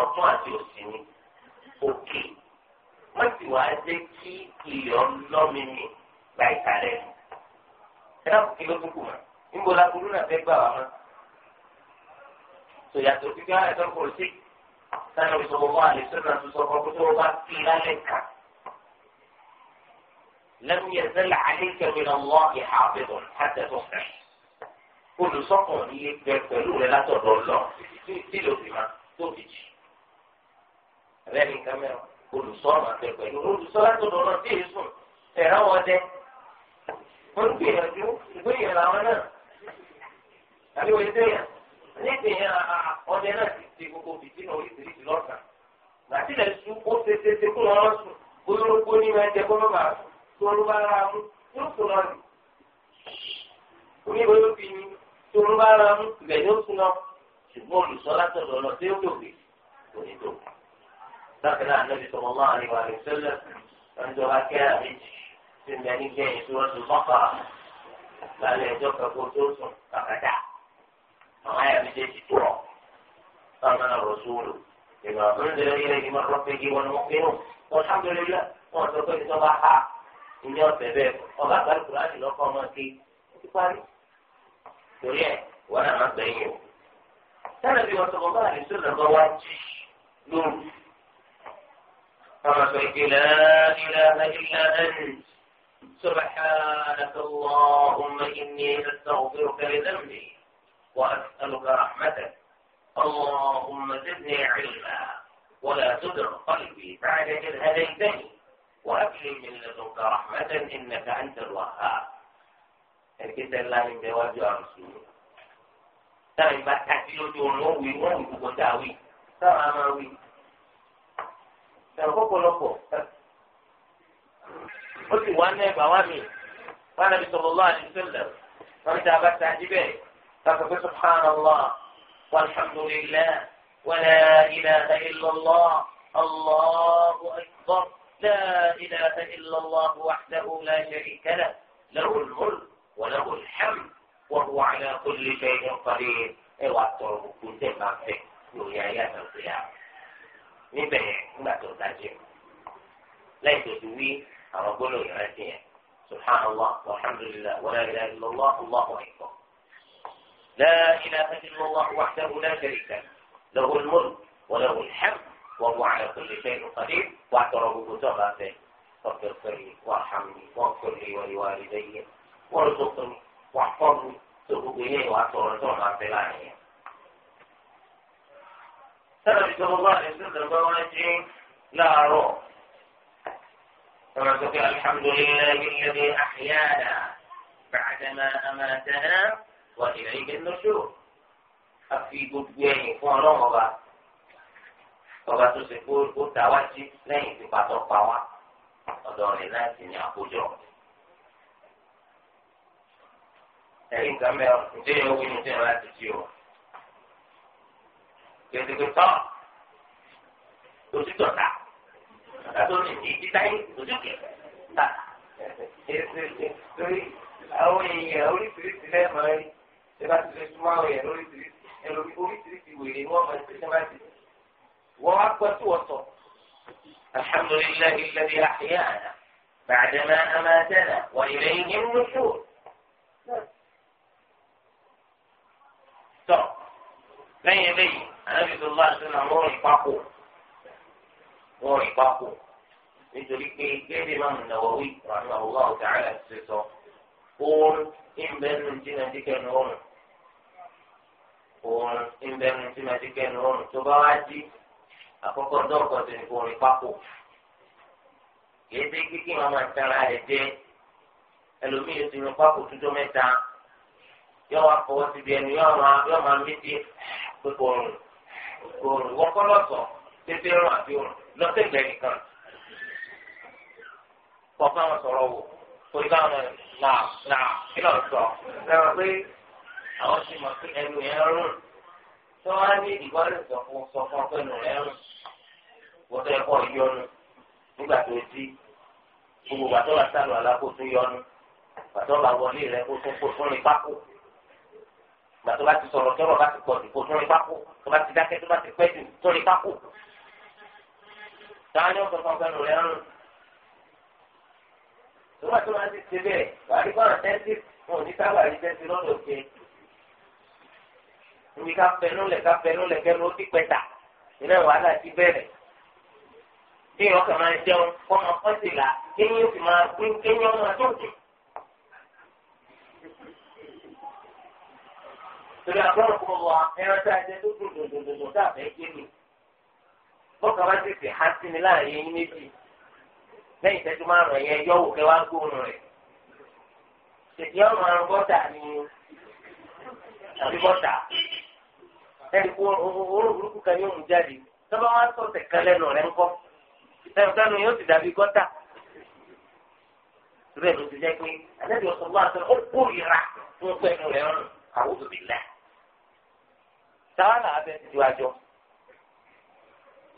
ọ̀tún àti òsì mi òkè wọ́n ti wá jẹ́ kí ìyọ̀ lọ́mìnì gba ìkàlẹ̀ ni ẹ dákun kí ló tún kù mọ́ níbo la burú náà fẹ́ gbà wá mọ́ tòyàtò fífi hàn ẹ̀tọ́ kò sí sani ìṣòwò wọn àlè sọ́nà tó sọ fún ọkùnrin tó o bá fi lálẹ́ kan lẹ́nu yẹn sẹ́lẹ̀ àlékẹ́ mi náà wọ́n ìhà àbẹ̀dọ̀ hàtẹ́ tó fẹ́ olùsọ́kàn ní ibẹ̀ pẹ̀lú rẹ látọ̀dọ̀ lọ tí ló fi olùsọ́ ọ̀nà àtẹ̀ pẹ̀lú olùsọ́ látọ̀dọ̀ náà tí èso ẹ̀rọ wọn dẹ́ wọ́n ń gbìyànjú ìgbéyàn làwọn náà tàbí wọ́n ń gbéyàn nígbìyàn ọdẹ náà ti ṣe gbogbo bìtì náà oríṣiríṣi lọ́sàn láti lè sùn ó ṣe ṣe ṣe kó lọ́ọ́ sùn gbólógbó ní máa jẹ kọ́mọ́ bàá sùn tó ló bá ra mú yóò sùn lọ rì oníbo yóò fi yin tó ló bá ra mú ibẹ̀ yóò sùn lọ ṣùgbọ́n olùsọ́lá tọ̀dọ̀ lọ sí òkè onítò láti náà nẹ́bí sọ̀rọ̀ máa ní wàhálà ìṣẹ́lẹ̀ ẹ̀ńdọ́ akẹ́ àmì jì ṣe ń bẹ nígbẹ́ yìí tí wọ́n ti bọ́kọ̀rọ̀ lálẹ́ ẹjọ́ kẹ́kọ̀ọ́ tó sùn kàkàdà àwọn àyà méjèèjì tó ọ̀ sọ́nà rọ̀ṣúlù ìgbà òǹdẹ̀rẹ̀ ilẹ̀ ìgbìmọ̀ rọ̀pẹ̀gì wọn mú kínú alhamdulillah wọn sọ pé ìjọba ha ìyẹn ọ̀sẹ̀ bẹ́ẹ̀ ọba àgbàlù kùláàsì lọ́kọ́ ọmọ sí ti parí torí ẹ̀ wọn náà má gbẹ̀yìn o. sáré bí wọn sọ fún báyìí sódà bá wá jí lóru. wọn sọ ìpìlẹ̀ ilẹ̀ ilẹ̀ ẹ̀ǹtì. سبحانك اللهم إني أستغفرك لذنبي وأسألك رحمتك اللهم زدني علما ولا تدر قلبي بعد إذ هديتني وأكرم من لدنك رحمة إنك أنت الوهاب الكتاب الله من جواب رسوله táwọn ìbá tàbí lójú oorun ó wí wọ́n wí gbogbo dáa wí táwọn á ó sì wá ní ẹgbàá wá mi wá nàbí sallallahu alaihi wasallam wọn ti àbá ta jíbẹ̀ kàkà pé subhanallah walhamdulillah wala ilaha illallah allahu akbar la ilaha illallah wahdahu la sharika lahu lahu al-mulk wa lahu al-hamd wa huwa ala kulli shay'in qadir ẹ wàá tọrọ gbogbo tẹ̀ máa fẹ́ lórí ayé àtàkùn yà níbẹ̀ nígbà tó dájú lẹ́yìn tó ti wí. àwọn gbólóhùn سبحان الله والحمد لله ولا اله الا الله الله اكبر لا إله إلا الله وحده لا شريك له له الملك وله الحمد وهو على كل شيء قدير واعترف بتوبته فاغفر لي وارحمني واغفر لي ولوالدي وارزقني واحفظني توب واعترف وأتوب توبة بالعافية سبب صلى الله عليه وسلم لا روح كما تقول الحمد لله الذي أحيانا بعدما أماتنا وإليه النشور أفي قدوين فولون أبا ọba tó ṣe kó kó ta wá sí lẹ́yìn tí pàtó pa wá ọ̀dọ̀ rẹ̀ láti ní àkójọ. ẹ̀yìn nǹkan mẹ́rin ǹjẹ́ yóò wí ní ǹjẹ́ yóò láti jí o. gbèsè pé ta. الحمد لله الذي أحيانا بعدما أماتنا وإليه النشور طب بين بين أنا الله سنعمره فأقول wọ́n rìn pákó nítorí pé gẹ́gẹ́ bá mi nàwọ̀ wí ràmà ọ̀wá ọ̀tá ti sọ oorun ìbẹ́nu jìnnàjìkẹ́ nu ọ̀run oorun ìbẹ́nu jìnnàjìkẹ́ nu ọ̀run tó bá wá jí àkọ́kọ́ dọ́kọ̀ tó ní kó rìn pákó kìí kíkí wọn tara ẹlòmíì ti rìn pákó tó tó mẹ́ta yọ wá fọwọ́ síbi ẹnu máa mí lọ́sẹ̀gbẹ̀ nìkan kọ́ fún àwọn sọ̀rọ̀ wò orí káwọn là là kí lọ sọ lẹ́wọ̀ pé àwọn ti mọ̀ pé ẹnu yẹn rún tí wọ́n á ní ìwádìí sọ fún sọ fún ọpẹ́ nù rẹ̀ rún wọ́n tẹ́ ẹ̀kọ́ yọnu nígbà tó ti gbogbo bàtọ́ bá sálọ alákòóso yọnu bàtọ́ bá wọlé rẹ̀ kó tó kó fún mi pákó bàtọ́ bá ti sọ̀rọ̀ tọ́rọ̀ bá ti pọ̀ sí fún mi pákó tó bá ti dákẹ́ tó bá ti pẹ́ jù tó ní pákó táwọn yóò sọ fún ọgbẹ́ lórí ẹrù nígbà tí wọ́n ti ṣe bẹ́ẹ̀ wàá rí bọ́ọ̀rọ̀ tẹ́ńtì wọn ò ní sábà rí tẹ́ńtì lọ́dọ̀ ṣe níbi ká fẹnú lẹ̀ ká fẹnú lẹ̀ kẹ́nu ó ti pẹ́ta ìná wàhálà ti bẹ̀rẹ̀ bí wọn kàn máa jẹun kọ́ máa pọ́n sí la kéyìn ó sì máa pín kéyìn ọmọ tó kù. torí àbúrò kò wọ ẹran tá a jẹ tó dùn dùn dùn dùn tá a fẹ́ gbé bọ́kà bá tètè há sí mi láàrin ẹyin méjì lẹ́yìn ìtẹ́jú márùn ẹ̀yẹ ẹjọ́ wò kẹ́ wá gbóòórùn rẹ̀ tètè ọ̀rùn àrùn bọ́tà ni tàbí bọ́tà ẹni kó oró burúkú kan yóò mú jáde tọ́ba wá sọ̀tẹ̀ kan lẹ́nu rẹ̀ ńkọ́ ẹnìkanu yóò ti dàbí gọ́tà rẹ̀ ló ti jẹ́ pé àtẹ́tí ọ̀sán wà sọ ó kórìíra fún pẹ́ẹ́nu rẹ̀ ọ̀rùn àwòrán mi là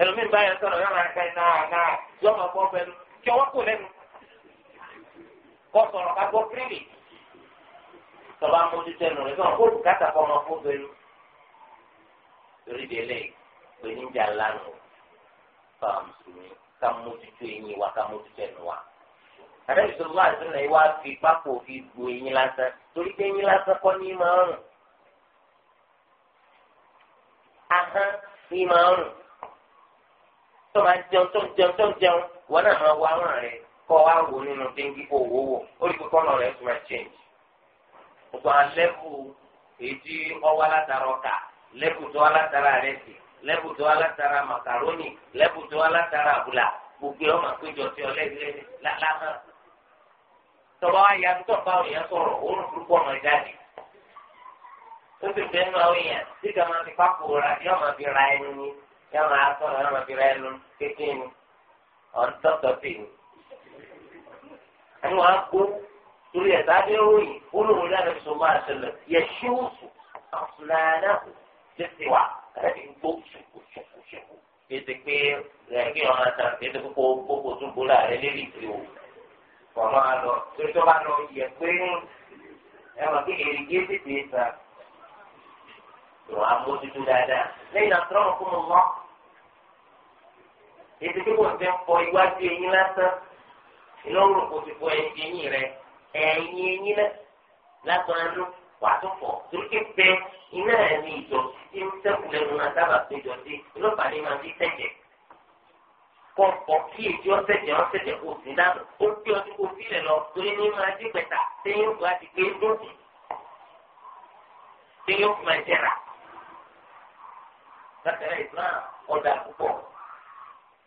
ẹlòmíì bá yẹn sọ̀rọ̀ yọ̀ọ́ máa kẹ́ náà náà yọ̀ọ́ máa bọ́ bẹ́ẹ̀ kí ọwọ́ kò lẹ́nu kọ́ sọ̀rọ̀ ká gbọ́ pírìlì tọ́ba mójútó ẹnu rẹ̀ sọ̀rọ̀ kó kàtà kọ́ ọmọ fún bẹ́ẹ̀ lórí délé ìpèníjà lánàá fáwọn mùsùlùmí ká mójútó eyín wa ká mójútó ẹnu wa àdébí sọ̀rọ̀ wá sí náà wá fi pápò fi gbo eyín lásán torí pé eyín lásán kọ́ ní máa rùn ahọ́n ní máa rùn tó máa jẹun tó ń jẹun tó ń jẹun wọn náà máa wá wọn rẹ kọ́ wá wò nínú dengue kó wò wò ó rí kókó náà rẹ tó máa change. gbogbo alẹ́kù èdè ọwọ́ alátara ọkà lẹ́kù tó alátara rẹ̀ sí lẹ́kù tó alátara màkàrónì lẹ́kù tó alátara àbùlà gbogbo ọmọ àpéjọ tí ọlẹ́gbẹ́ lálá tọba wa ya tó bá òyìn sọ̀rọ̀ òórùn burúkú ọmọ jáde ó sì fẹ́ nu àwọn èèyàn tí kàmá fi pápó ra yọ̀ọ́ máa fi ra ẹni yá máa sọ̀rọ̀ yá máa fi ra ẹnu kékeré ni ọ̀ńtọ́tọ̀ sí i. ẹnu wa kó torí ẹ̀ sáájú ìròyìn olóhùn ilé àdàbí sọ̀rọ̀ máa ṣẹlẹ̀ yẹ ṣíwùsù àfúlànà tètè wá kàdàbí gbó ṣùkùṣùkùṣùkù kéde pé kí wọn máa tàn kéde kókó kókó tún bóra rẹ lérí ìdí o wọn máa lọ torí tó bá lọ yẹ pé ẹ wọn kí èrè gé tètè sàn wọn á mójútó dáadáa lẹ́yìn àtúrọ̀ kó mo ètò tí wọ́n fẹ́ fọ iwájú eyín lásán lọ́rùn kò ti fọ eyín rẹ ẹ̀yìn eyín náà lásán ẹnu wàá tó fọ torí pé bẹ iná ẹ̀ ní ìjọ tí ń sẹ́kù lẹ́nu náà dábàá pé ìjọ sí ọlọ́pàá ní máa fi tẹ̀jẹ̀ kọ́ ọ kí èdè ọ̀sẹ̀jẹ̀ ọ̀sẹ̀jẹ̀ kò sí dànù ó gbé ọdún kò sílẹ̀ lọ torí ní máa dín pẹ̀tà téyín kò á ti gbé dókì téyín kò máa jẹ̀rà. látàrí ìsìláà ọ̀dà púpọ̀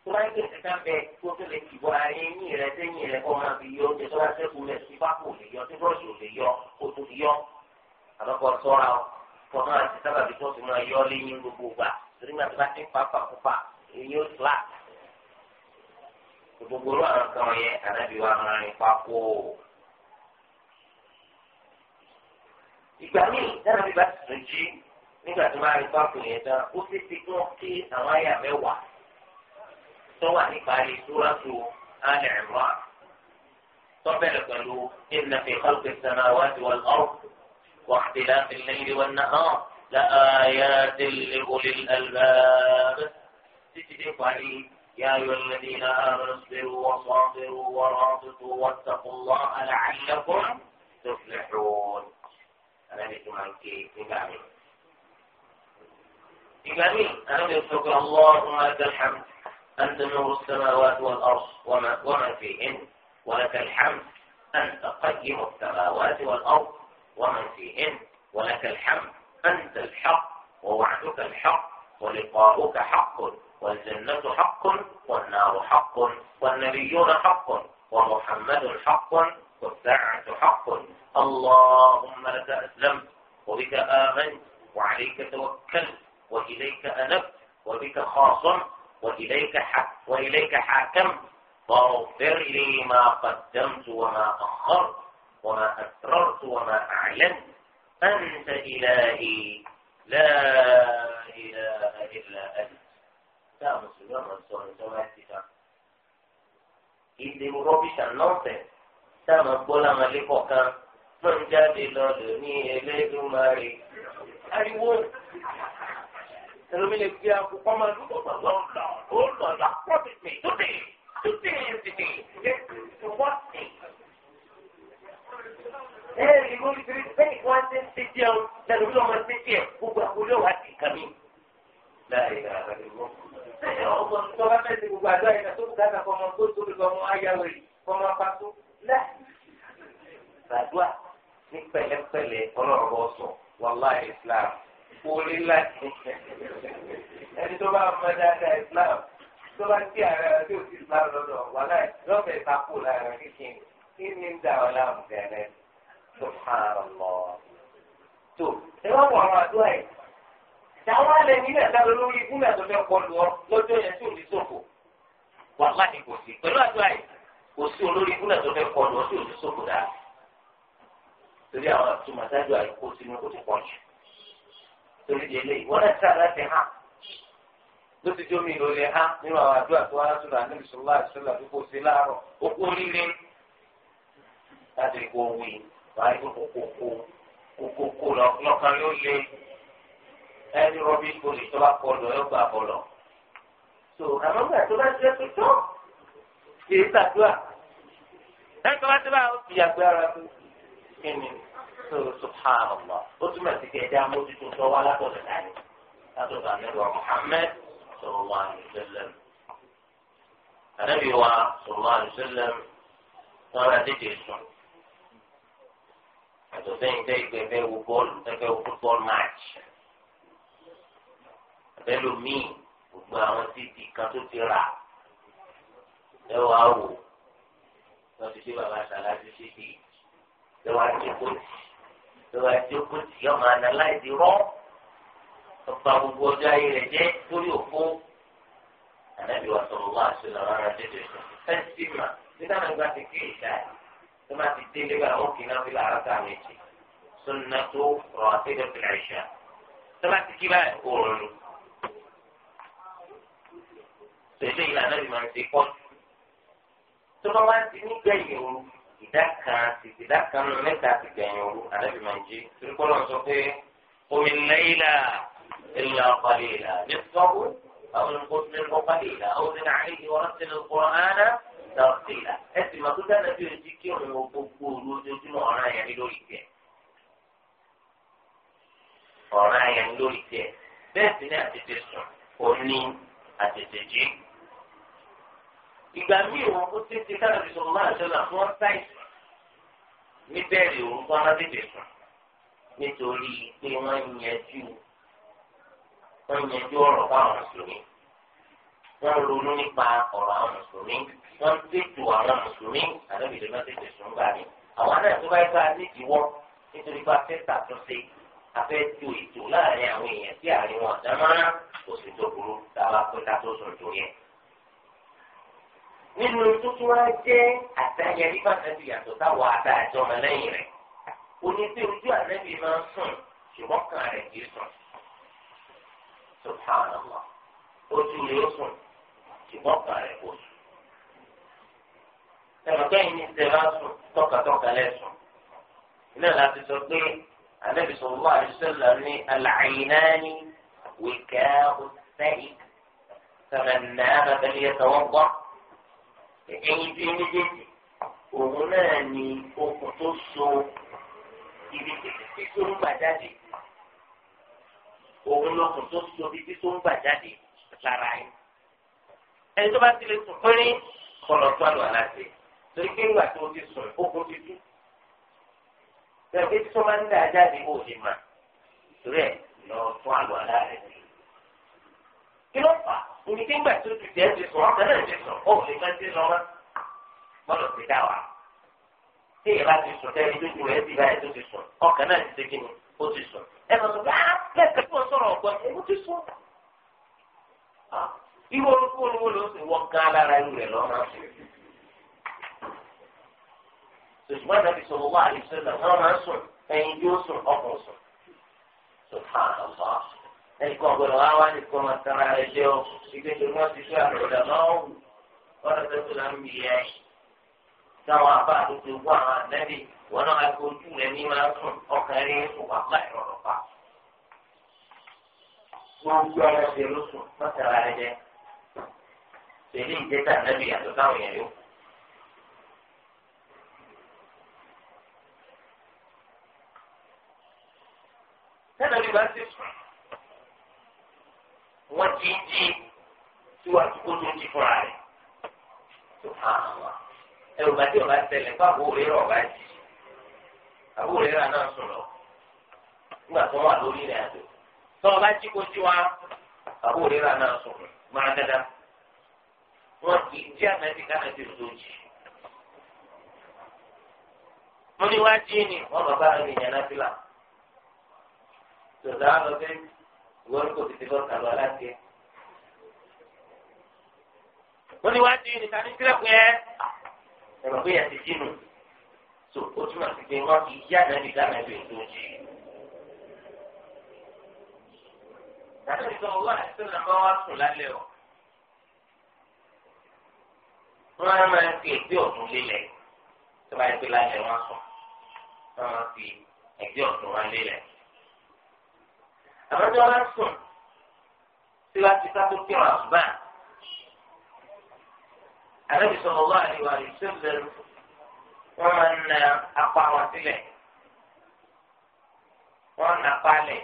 tó bá yẹ kẹ̀kẹ́ bẹ kó tó lè tìbọ̀ ayé ní rẹ sẹ́yìn rẹ kọ́ máa fi yọ oúnjẹ tó bá sẹ́kù rẹ sí bá kò lè yọ tí bọ́ọ̀sì ò lè yọ kó tó fi yọ. àlọ́kọ̀ sọ́ra ọ kọ́ máa ti sábà bí tó ti máa yọ lẹ́yìn gbogbo gbà torí gbà tó bá ti pàápàá púpà èyí ó ti láà. gbogbo olú àwọn kan yẹn ànábì wa máa ń pákó. ìgbà míì dáná bí bá ti sùn jí nígbà tó máa ń pákó yẹn tán ó ti ti سواني قالي سورة آل عمران فبعد قالوا إن في خلق السماوات والأرض واختلاف الليل والنهار لآيات لأولي الألباب تجد قالي يا أيها الذين آمنوا اصبروا وصابروا ورابطوا واتقوا الله لعلكم تفلحون أنا مثل مالكي إمامي إمامي أنا بشكر الله لك الحمد أنت نور السماوات والأرض وما ومن فيهن ولك الحمد أنت قيم السماوات والأرض ومن فيهن ولك الحمد أنت الحق ووعدك الحق ولقاؤك حق والجنة حق والنار حق والنبيون حق ومحمد حق والساعة حق اللهم لك أسلمت وبك آمنت وعليك توكلت وإليك أنبت وبك خاصمت وإليك حق وإليك حاكم واغفر لي ما قدمت وما أخرت وما أسررت وما أعلنت أنت إلهي لا إله إلا أنت يا مسلم رسول الله ìdè rọ́bìṣà nọ́ọ̀sẹ̀ táwọn gbọ́lá máa lé kọ̀ọ̀kan tó ẹlòmí lè gbé akó kọ́ máa dúró lọ lọ lọ ó lọ lọ pọ̀ tètè tètè tètè tètè tètè wọ́n tè. ẹ ẹ ìlú ìdílé bẹ́ẹ̀ wọ́n ti ń ti jẹun lẹ́nu ló máa ti jẹ gbogbo àkójọ wa ti kàn mí. láyé ara rẹ wọ́n. sẹ́yìn ọgbọ́n tó bá fẹ́ ti gbogbo àdó islam orí ńlá ẹni tó bá mọ dáadáa Islam tó bá tí ara rẹ tí ò sí Islam lọ́dọ̀ wà láì lọ́fẹ̀ẹ́ takò lára kíkìn kí ni ń dà ọ́ láàmú gẹ́gẹ́ subhanallah tó ẹ bá wọ àwọn àdúrà yìí táwọn alẹ́ nílẹ̀ dábẹ́ lórí ikú náà tó fẹ́ kọlu ọ lọ́jọ́ yẹn tó ní sòfò wà láti kò sí pẹ̀lú àdúrà yìí kò sí olórí ikú náà tó fẹ́ kọlu ọ tó ní sòfò dáa torí àwọn àtúmọ̀ torí di eléyìí wọ́n náà sábà ti hàn ló ti jó mi lórí hàn nínú àwọn àdúrà tó wá sọ̀rọ̀ àníbi sọ̀rọ̀ láti sọ̀rọ̀ àti kò sí láàárọ̀ ó kú líle láti kó wí wàá yóò kó kó kó kó kó lọ́kàn yóò lé ẹni rọ́bì olè tó bá kọ lọ yóò gbà tó àmọ́ gbà tó bá jẹ́ tuntun kì í ṣàdúrà. ẹ̀ tó bá ó fi àgbẹ̀ ara tó kí ni tó subhanallah ó túmọ̀ sí kí ẹja mójútó tó wá látọ̀dọ̀ dání látọ̀dọ̀ àmẹ́wà Muhammad sallallahu alaihi wasallam ànábìwà sallallahu alaihi wasallam tọ́ra dídì sùn àtọ̀sẹ́yìn tẹ́ ìgbẹ́ fẹ́ wo bọ́ọ̀lù fẹ́ wo football match àbẹ́lòmíì gbogbo àwọn títì kan tó ti rà lẹ́wọ̀ àwò lọ́ọ́ ti dé bàbá sàlá ti ṣe bíi lẹ́wọ̀ àti ìkọ́ni tó bá jókòó tì yọ máa nà láìsí rọ ọba gbogbo ọjọ́ ayé rẹ̀ jẹ́ torí òfó ànábì wa sọ̀rọ̀ wá aṣọ làwọn ará tètè fẹ́ǹsì mà nígbà náà gba ti kí ìta ẹ̀ tó bá ti délé bá àwọn kì í náà fi làárọ̀ ká méjì sunna tó rọ̀ àti ìdọ̀tí àìsà tó bá ti kí báyìí kó rọ̀ ni. ìlànà ìmọ̀ àti pọ́ọ̀tù tó bá wá ti ní ìdákan ti ìdákan nù mẹ́ta ti gbẹ̀yìn òru àdàbí máa ń jí torí kọ́ lọ́n sọ pé omi lẹ́yìnlá ìlà ọ̀pàlẹ̀ ìlà ní sọ́kù àwọn olùkọ́sílẹ̀ ọ̀pàlẹ̀ ìlà ó ti náà àìyí wọ́n ti lọ kọ́ ánà dọ̀tí ìlà ẹ sì máa tó dáná bí ojú kí òun wọ gbogbo òru ojoojúmọ́ ọ̀ràn yẹn lórí tiẹ̀ ọ̀ràn yẹn lórí tiẹ̀ bẹ́ẹ̀ sì ni àtẹ̀tẹ̀ sùn òní àtẹ̀tẹ̀ jí ìgbà míì wọn kó tètè kára fi sọ̀rọ̀ máa ṣọlá fún wọn sáìsì níbẹ̀rẹ̀ òun kó ara tètè sùn nítorí pé wọ́n yẹjú wọ́n yẹjú ọ̀rọ̀ fáwọn mùsùlùmí wọ́n ronú nípa ọ̀rọ̀ àwọn mùsùlùmí wọ́n tètè àwọn mùsùlùmí àdébìlẹ̀ máa tètè sùn gbà mí àwọn náà tó bá yẹ ká nídìí wọ́ nítorí pé afẹ́ tàtúnṣe afẹ́ ju ètò láàrin àwọn èèyàn sí àárín wọn dáná nínú tó tún wá jẹ́ àdáyẹrí bàtàbí yàtọ̀ táwọn àdájọ́ ọmọlẹ́yìn rẹ̀ oní tí ojú ànábì máa ń sùn ṣùgbọ́n kan rẹ̀ kì í sùn subhanallah ojú rẹ̀ ó sùn ṣùgbọ́n kan rẹ̀ kò sùn. ẹnìkẹ́yìn ní ṣe sùn tọkàtọkà lẹ́sùn iná láti sọ pé ànábì sallallahu alaihi wasallam ní al-aynani wìkẹ́ ọ̀sẹ̀ ìk tàbí nàá bàtàbí yàtọ̀ wọ́n gbọ́ ẹyin tí méjèèjì òun náà ni okùn tó so ibi títí tó ń gbà jáde òun lọkùn tó so ibi títí tó ń gbà jáde lára yìí ẹni tó bá ti lè sùn pínrín kọlọ tó àlọ aláṣẹ torí pé ìgbà tó ti sùn okùn ti tú tẹ̀lé tó máa ń dà jáde kó o lè mà lọ tó àlọ aláṣẹ kí ló fà á òní nígbà tó ti tẹ̀ ti sùn ọ̀tẹ̀ náà ti sùn ó lè fẹ́ ti lọ mọ́ gbọ́dọ̀ ti dá wa tí ìyá bá ti sùn tẹ́ ẹni lójú rẹ̀ ti bá ẹ̀ tó ti sùn ọkàn náà ti ṣe kí ni ó ti sùn ẹ lọ sọ pé á kẹ́kẹ́ fún ọ sọ̀rọ̀ ọ̀gbọ́n ẹ ó ti sùn. Ah, irú orúkú olówó ló ti wọ gán lára irú rẹ̀ lọ́ máa sùn. sòṣùgbọ́n náà ti sọ wọ́n wá àlè sọ́dọ̀ wọ́n máa sùn ẹyin yóò sùn ọkùnrin sùn. sùn fún àlọ́ ẹnìkan gbọ́dọ̀ wá wá ní kọ́ máa tara rẹ jẹ ọ ìgbé tó wọ́n ti fẹ́ àlọ́dà náà wù ọ̀rọ̀ tó tó náà ń bì yẹn táwọn abá àtúntò wọ àwọn ànábì wọn náà á gbójú rẹ ní máa sùn ọkàn rí wà bá ìrọ̀rọ̀ pa. gbogbo ọ̀rọ̀ ṣe ló sùn mọ́tara rẹ jẹ tẹ̀lé ìjẹta ànábì àtọ́táwọn yẹn yòókù. wọ́n ti jí síwájú kó tó jí fúnra rẹ̀. ẹrù bá tí ọba tẹlẹ fún àbúrò rẹ ọba jì àbúrò rẹ náà sùn lọ nígbà tó wà lórí rẹ àjò tó ọba jí kó jí wa àbúrò rẹ náà sùn máa dáadáa wọ́n ti jí àmẹ́tí káàmẹ́tì tó jì. mo ní wá jí ni wọ́n bàbá mi yẹn náà fi là. lọ bẹ́ẹ̀. ìwọ ní kò tètè lọ sàlọ aláṣẹ. wọ́n ní wájú yìí nìkan ní sílẹ̀kùn yẹn ẹ̀rọ pé yẹn ti jí nù tó o túmọ̀ sí pé wọ́n kì í yá nàbí dáná ìlú ètò jì. Nàbẹ́ ìgbà owó àti sọ́nà bá wá sùn lálẹ́ o. Wọ́n á máa fi ẹgbẹ́ ọ̀tún lélẹ̀ tó bá yẹ pé lálẹ́ wọn sùn. Wọ́n máa fi ẹgbẹ́ ọ̀tún wọn lélẹ̀ àbájọ bá sùn síwájú ká tó kírun àsùbá àlejò sọ̀rọ̀ wá àríwá ìṣẹ̀lẹ̀ wọ́n máa ń na apá wọn sílẹ̀ wọ́n na palẹ̀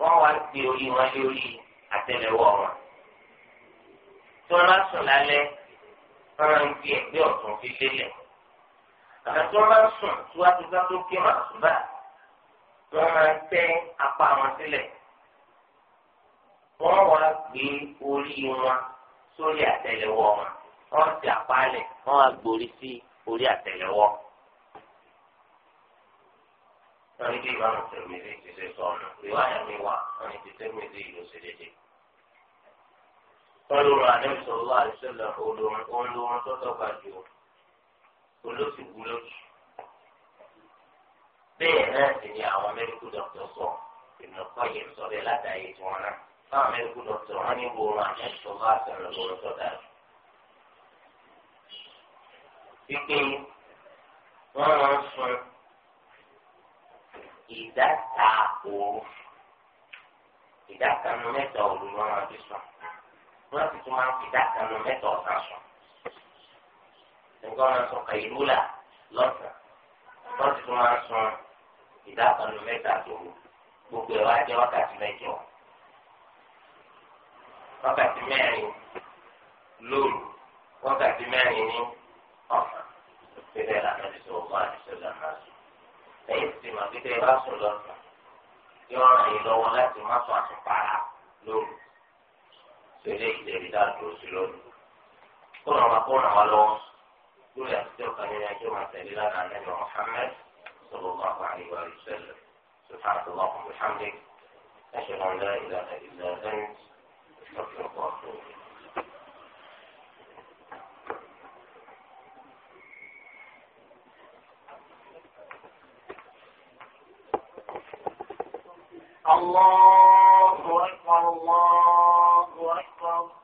wọ́n wá gbé orí wọn lórí àtẹ́lẹwọ́ wọn tí wọ́n bá sùn lálẹ́ wọ́n máa ń gbé ẹgbẹ́ ọ̀tún fi lélẹ̀ àbájọ bá sùn síwájú ká tó kírun àsùbá wọ́n máa ń tẹ́ apá wọn sílẹ̀ wọ́n wá gbé orí wọn sórí àtẹ́lẹwọ́ wọn wọ́n ti àpálẹ̀ wọ́n wá gbórí sí orí àtẹ́lẹwọ́. wọ́n ní bí ìbámu tẹ̀mísì ti ṣe sọ ọ̀nà ìwádìí mi wà wọ́n ní ti tẹ̀mísì ìlú ṣe déédéé. wọ́n lóorun àdéhùn sọ̀rọ̀ àdéhùn sọ̀rọ̀ olóorun tó tọ́ka jù olóṣèlú lójú bẹ́ẹ̀ náà sì ni àwọn mẹ́díkù dọ́kítọ̀ sọ ìmọ̀kọ́ yìí sọ bẹ́ẹ̀ látàyè tí wọ́n náà fáwọn mẹ́díkù dọ́kítọ̀ wọn ní gbòòrò àmẹ́sọ̀ bá sọ̀rọ̀ gbòòrò tó dáa. pípé wọ́n máa ń sun ìdáta òru ìdáta nu mẹ́ta òru ni wọ́n máa fi sùn wọ́n sì tún máa ń fi ìdáta nu mẹ́ta ọ̀sán sùn. nǹkan máa sọ kàìlú là lọ́sàn-án wọ́n ti fún wa sun ìdákanu mẹ́ta tòru gbogbo ẹ̀ wá jẹ́ wákàtí mẹ́jọ wákàtí mẹ́rin lóru wákàtí mẹ́rin ní ọ̀sán bẹ́ẹ̀ la nàbí sọ̀rọ̀ fún àdìsọ́lá máa sùn lẹ́yìn tí màá bí bẹ́ẹ̀ bá sùn lọ́sàn yóò ràn yín lọ́wọ́ láti má sùn àtúpàrà lóru ṣẹlẹ̀ ìdẹ̀rí dáadúró sí lóru kó ràn wá kó ràn wá lọ́wọ́ sùn. سورة الفرقة هنا كما سألنا عن نبي محمد صلى الله عليه وآله وسلم سبحانك اللهم وبحمدك أشهد أن لا إله إلا أنت أستغفرك وأتوب الله أكبر الله أكبر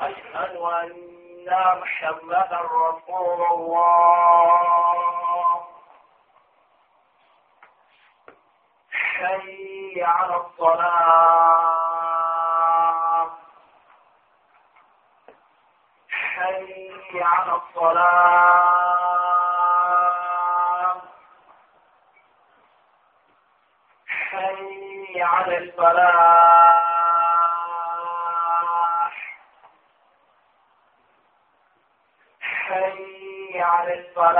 أشهد أن محمدا رسول الله حي على الصلاة حي على الصلاة حي على الفلاح حي على الصلاح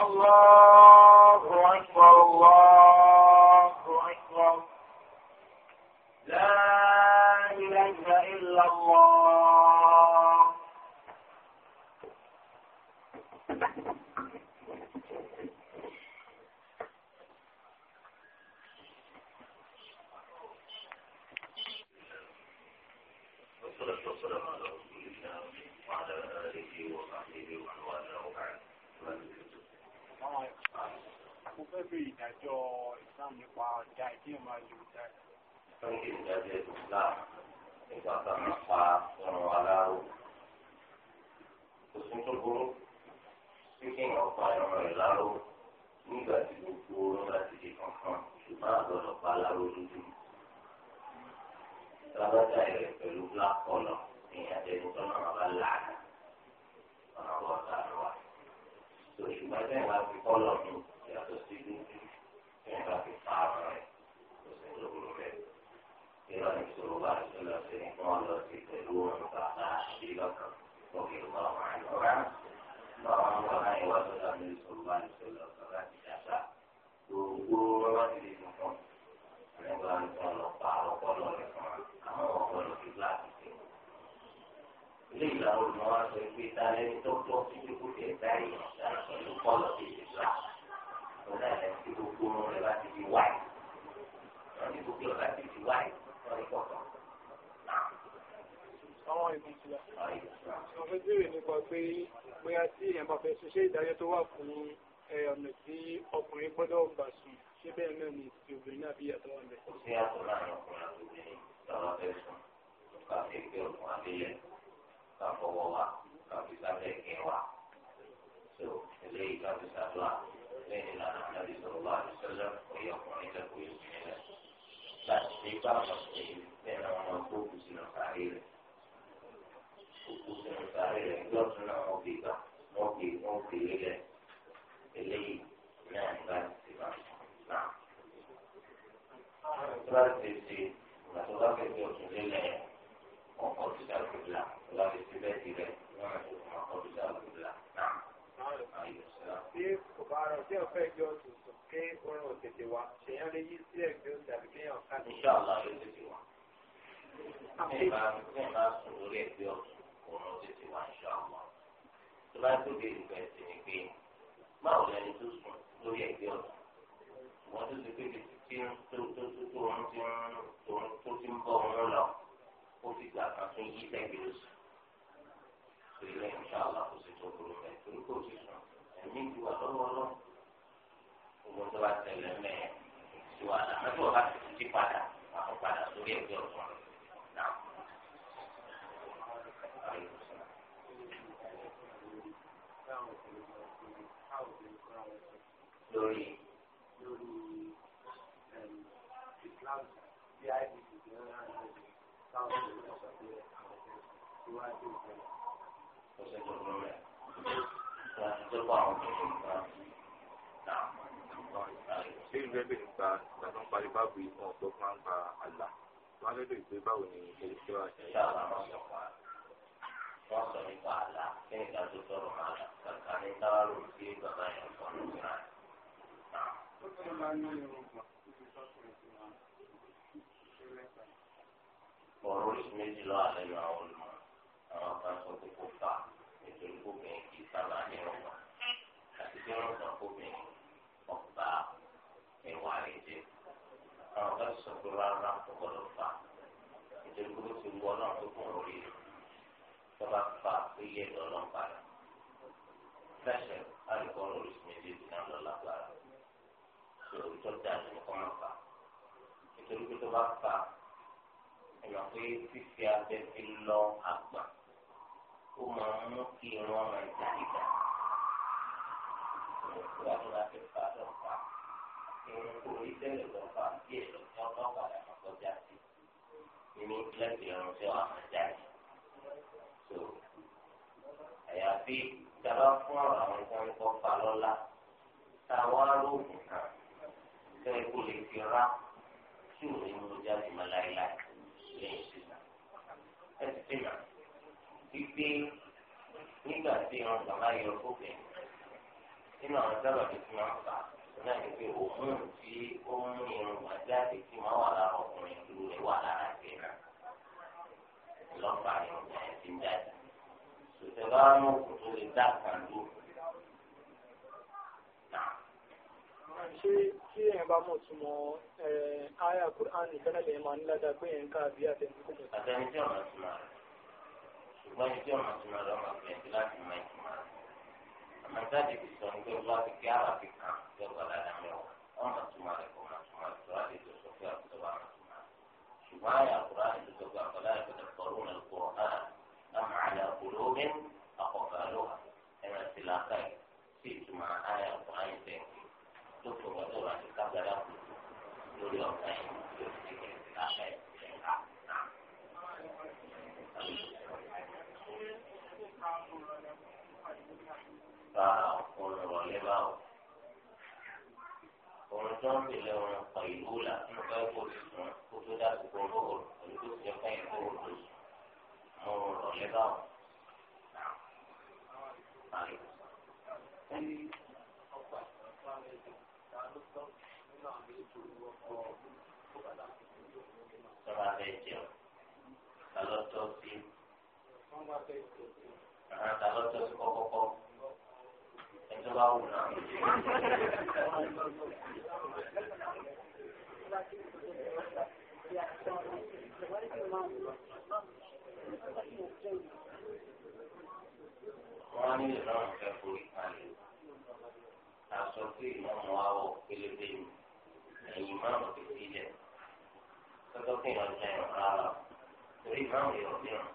الله fẹ́ jọ tuntun pé orin ò tètè wá ṣèyàn lè yí sí ẹ̀gbẹ́ òsì àbí kéèyàn ká ní. iṣẹ́ ọ̀la ló tètè wá. nígbà nígbà sùn lórí ẹgbẹ́ ọ̀tún tètè wá iṣẹ́ ọ̀la. tó bá tó ìgbà ẹ̀sìn ni pé báwo lẹni tó sùn lórí ẹgbẹ́ ọ̀tún. wọ́n tó ti pété tí tó tó tó tó ti ń bọ̀ wọn lọ. ó fi gbà kan tún yí ẹgbẹ́ òsì. ìrẹ́ ìṣàlá kò sì tó burú mẹ́ torí kò sì sùn ẹ̀mí ìwà lọ́wọ́ tó bá tẹ̀lé mẹ́ẹ̀ sí wàhálà bá ti ti padà wà padà sórí ẹgbẹ́ ọ̀tún náà. lórí Thank you ṣé ìlú ẹgbẹ́ nípa ìgbà tó ń parí báàbù yìí fún ọ̀tọ́ fún àǹfà àlà wọn lè lóye pé báwo ni èyí tó wà ní ìyá àwọn ọmọ wọn sọ nípa àlà kí ni ìdájọ sọ̀rọ̀ àlà kàkà ní táwárò sí bàbá yẹn sọ nípa rẹ. ọ̀rọ̀ méjì lọ́wọ́ àlẹ́ yọ àwọn olùmọ̀ àwọn kan sọ pé kò fà nítorí kò bẹ̀rẹ̀ kì í sábà ní ọ̀gbà àti bí wọ́n sọ kò bẹ̀rẹ̀ ọ̀gbà ìwà ìdè àwọn kan sọ pé rárá kò gbọdọ̀ fà nítorí ti wọ náà tó kún orí rẹ̀ tó fà pé yẹ lọ́nà padà fẹsẹ̀ alùpùpù oríṣi méjèèjì náà lọ lágbára sọ̀rọ̀ tó dáa ní kọ́ fà nítorí pé tó fà ẹ̀yàn pé fífi abẹ́ fi lọ àgbà ó máa mú kí irun ọmọ ìdá ìdá. irun tó rí tẹ́lẹ̀ lọ fà bí ẹ̀ lọ tí ọkọ̀ padà máa kọjá sí inú kílẹ̀sì irun tí wọ́n máa jáde. so àyàfi ìjọba fún ọ̀rọ̀ àwọn tó ń kọ́ fà lọ́la táwọn aróògùn náà tó ikú lè fi ra tí ò ní mú jáde máa láéláé lẹ́yìn sísá. ẹ ti fi mà wípé nígbà tí irun bàbá yọ fófin nínú àwọn sábà tó fi máa ń fà á náà ní pé òun tí ó ń ní irun àjáde tí máa wà lára ọkùnrin dúró rẹ̀ wà lára ẹ̀jẹ̀ náà lọ́pàá irun yẹn ti ń jáde ṣùgbọ́n bá mú òkú tó lè dá kan dúró. ṣé tí èèyàn bá mọ̀ túmọ̀ àyà kúránì tẹ́lẹ̀ lè máa ń ládàá pé èèyàn ká bí àtẹnudúkọ̀ mọ̀. àtẹnudúkọ̀ mọ̀ túmọ̀ rẹ̀ ṣùgbọ́n ẹni tí ọ̀nà túmọ̀ rẹ̀ ọmọ ọmọ jáde ti sọ nígbà tó bá ti kí ara fi kàn yọ gbàdá dáná wọ ọmọ túmọ̀ rẹ̀ kọ́ máa túmọ̀ rẹ̀ tó láti tó sọ pé àkókò bá máa túmọ̀ rẹ̀ ṣùgbọ́n àyà àkùrá ni tó sọ pé àkọlá rẹ̀ kọ́tà ní ọkọ̀ ọ̀hánà lámà àyà àkùrọ̀ omi àkọ́kọ́ ló wà ẹ̀rọ ti láta yìí sí ìtumọ̀ àyà àkùrá yìí tẹ̀ tó fọwọ́ tó wà ní kágbádá kù ka ọ̀rọ̀ ìrọ̀lẹ́ bá wò. Òun tó ń tẹ̀lé wọn kan ìlú là ń fẹ́ kó sùn kó tó dàbí kó lóhùn òun tó ti fẹ́ kó lóhùn tó sùn. Mo ìrọ̀lẹ́ bá wò. Sọ́ba fẹ́ jẹun, ta lọ́tọ́ sí? Àwọn ta lọ́tọ́ sí kọ́kọ́kọ́ ẹjọ́ wù náà. wọ́n ní ìlànà ìfẹ́ fún aṣọ tí ìmọ̀mọ́ wa wọ̀ pélébé ni ẹ̀yìn máàmù ti fi lẹ̀ tọ́tọ́ kí ìyàn jẹ́ ìrọ̀ rárá torí máàmù yọ̀ bí hàn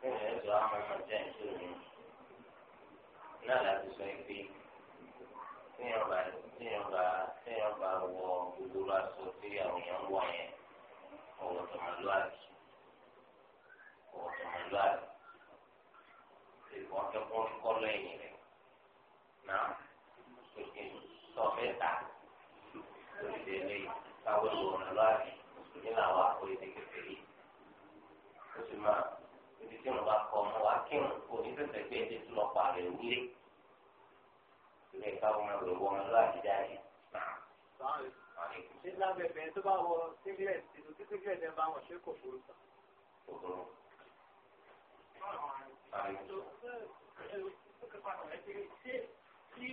kí ìyàn àwọn ọmọ jẹ́ ìṣòro yẹn náà láti sọ pé téèyàn bá téèyàn bá téèyàn bá wọ gbogbo aṣọ tí àwọn èèyàn wọ yẹn ọwọ́ tọmọlúwàbí ọwọ́ tọmọlúwàbí ìwọ kẹkọọ kọlọ ẹ̀yìn rẹ náà tòkè sọfẹta lórí délé káwé wọ ọmọlúwàbí nínú àwọn àpò ìdíkẹfẹ yìí ó sì máa tí wọn bá kọ ọmọ wa kí wọn kò ní fẹsẹ̀ pé ẹni tó lọ pa rẹ wílé ìrẹ káwọn máa wẹ wọn lọ àdídá yẹn. ṣé lábẹ́bẹ́ tó bá wọ singlet ìlú tí singlet ẹ bá wọn ṣe kò burú sàn. tí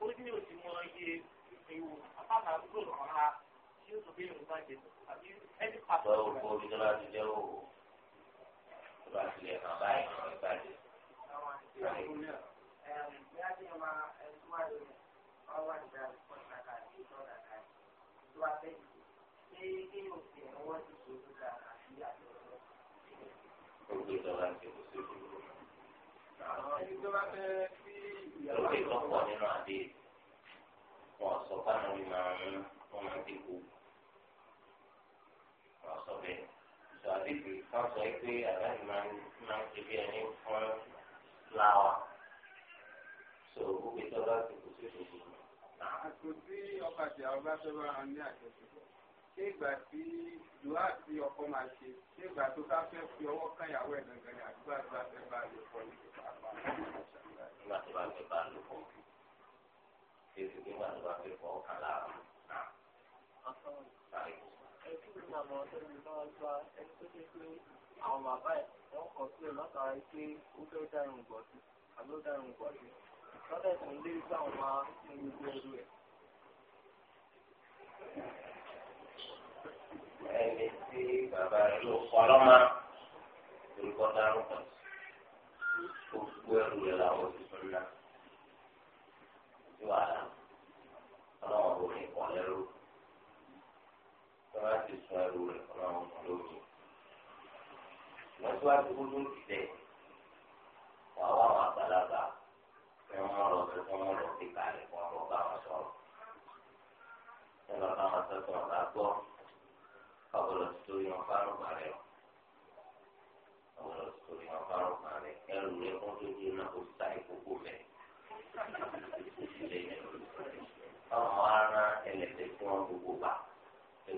ó ní òsì mọ iye ìwò apáta gbòòrò ọ̀la tí ó sọ pé yorùbá jẹ àbí ẹni pàtó. báwo kó omi tó bá ti jẹ́ òwò bá tilẹ̀ hàn báyìí wọ́n gbàdé. Gbogbo ìjọba ti kò sí ìdúró. Lókè tó nínú àdé, wọ́n sọ fáwọn ìmọ̀ àwọn ọmọ àdínkù. Wọ́n sọ bẹ́ẹ̀ tó àdìgbì kan sọ pé àdáyé máa ń máa ń ṣe bí ẹni fún fúláwà tó gbogbo ìtọ́jú àti kò sí ìṣòro. àsìkò tí ọkọ àti àwọn bá fẹ́ bá ní àjọṣepọ̀ ṣé ìgbà tí dùá àti ọkọ máa ṣe ṣé ìgbà tó bá fẹ́ fi ọwọ́ káyàwó ẹ̀ gangan ni àdúgbò àti bá fẹ́ bá ní ìpàpà. tó bá fẹ́ bá lò pọ̀ kí èsì nígbà tó bá fẹ́ fọ́ ọkàn láàrú ìlànà àwọn bàbá ẹ̀ wọ́n kọ̀ sílẹ̀ látara pé ó fẹ́ dárun gbọ̀ sí àbí dárun gbọ̀ sí lọ́dẹ̀ tó ń sí àwọn máa ní gbogbo ẹrú ẹ̀. ẹni tí bàbá rẹ̀ ló kọ́ lọ́mọ orúkọ dárun kan gbogbo ẹrú rẹ̀ làwọn ti fún náà sí wàhálà ọlọ́wọ́n kò ní kọ́ tó bá ti sun ẹrù rẹ̀ ọlọ́run sùn lómi. lọ́síwájú gbogbo ìdílé wàá wá àwọn àgbàlagbà fẹ́ wọ́n lọ fẹ́ fún wọn lọ sí ìkàlẹ̀ fún ọ̀rọ̀ bá wọn sọ̀rọ̀. ẹ lọ bá wọn sọ pé wọn bá gbọ́ ọ̀rọ̀ lọ sí torí wọn fárọ̀ gbà rẹ̀ ọ̀rọ̀ lọ sí torí wọn fárọ̀ gbà rẹ̀ ẹrù rẹ̀ kọ́ tó dé náà kó sa ìkókó rẹ̀ ọmọ ara ẹlẹ́dẹ̀ẹ́ fún wọn gbogbo bàá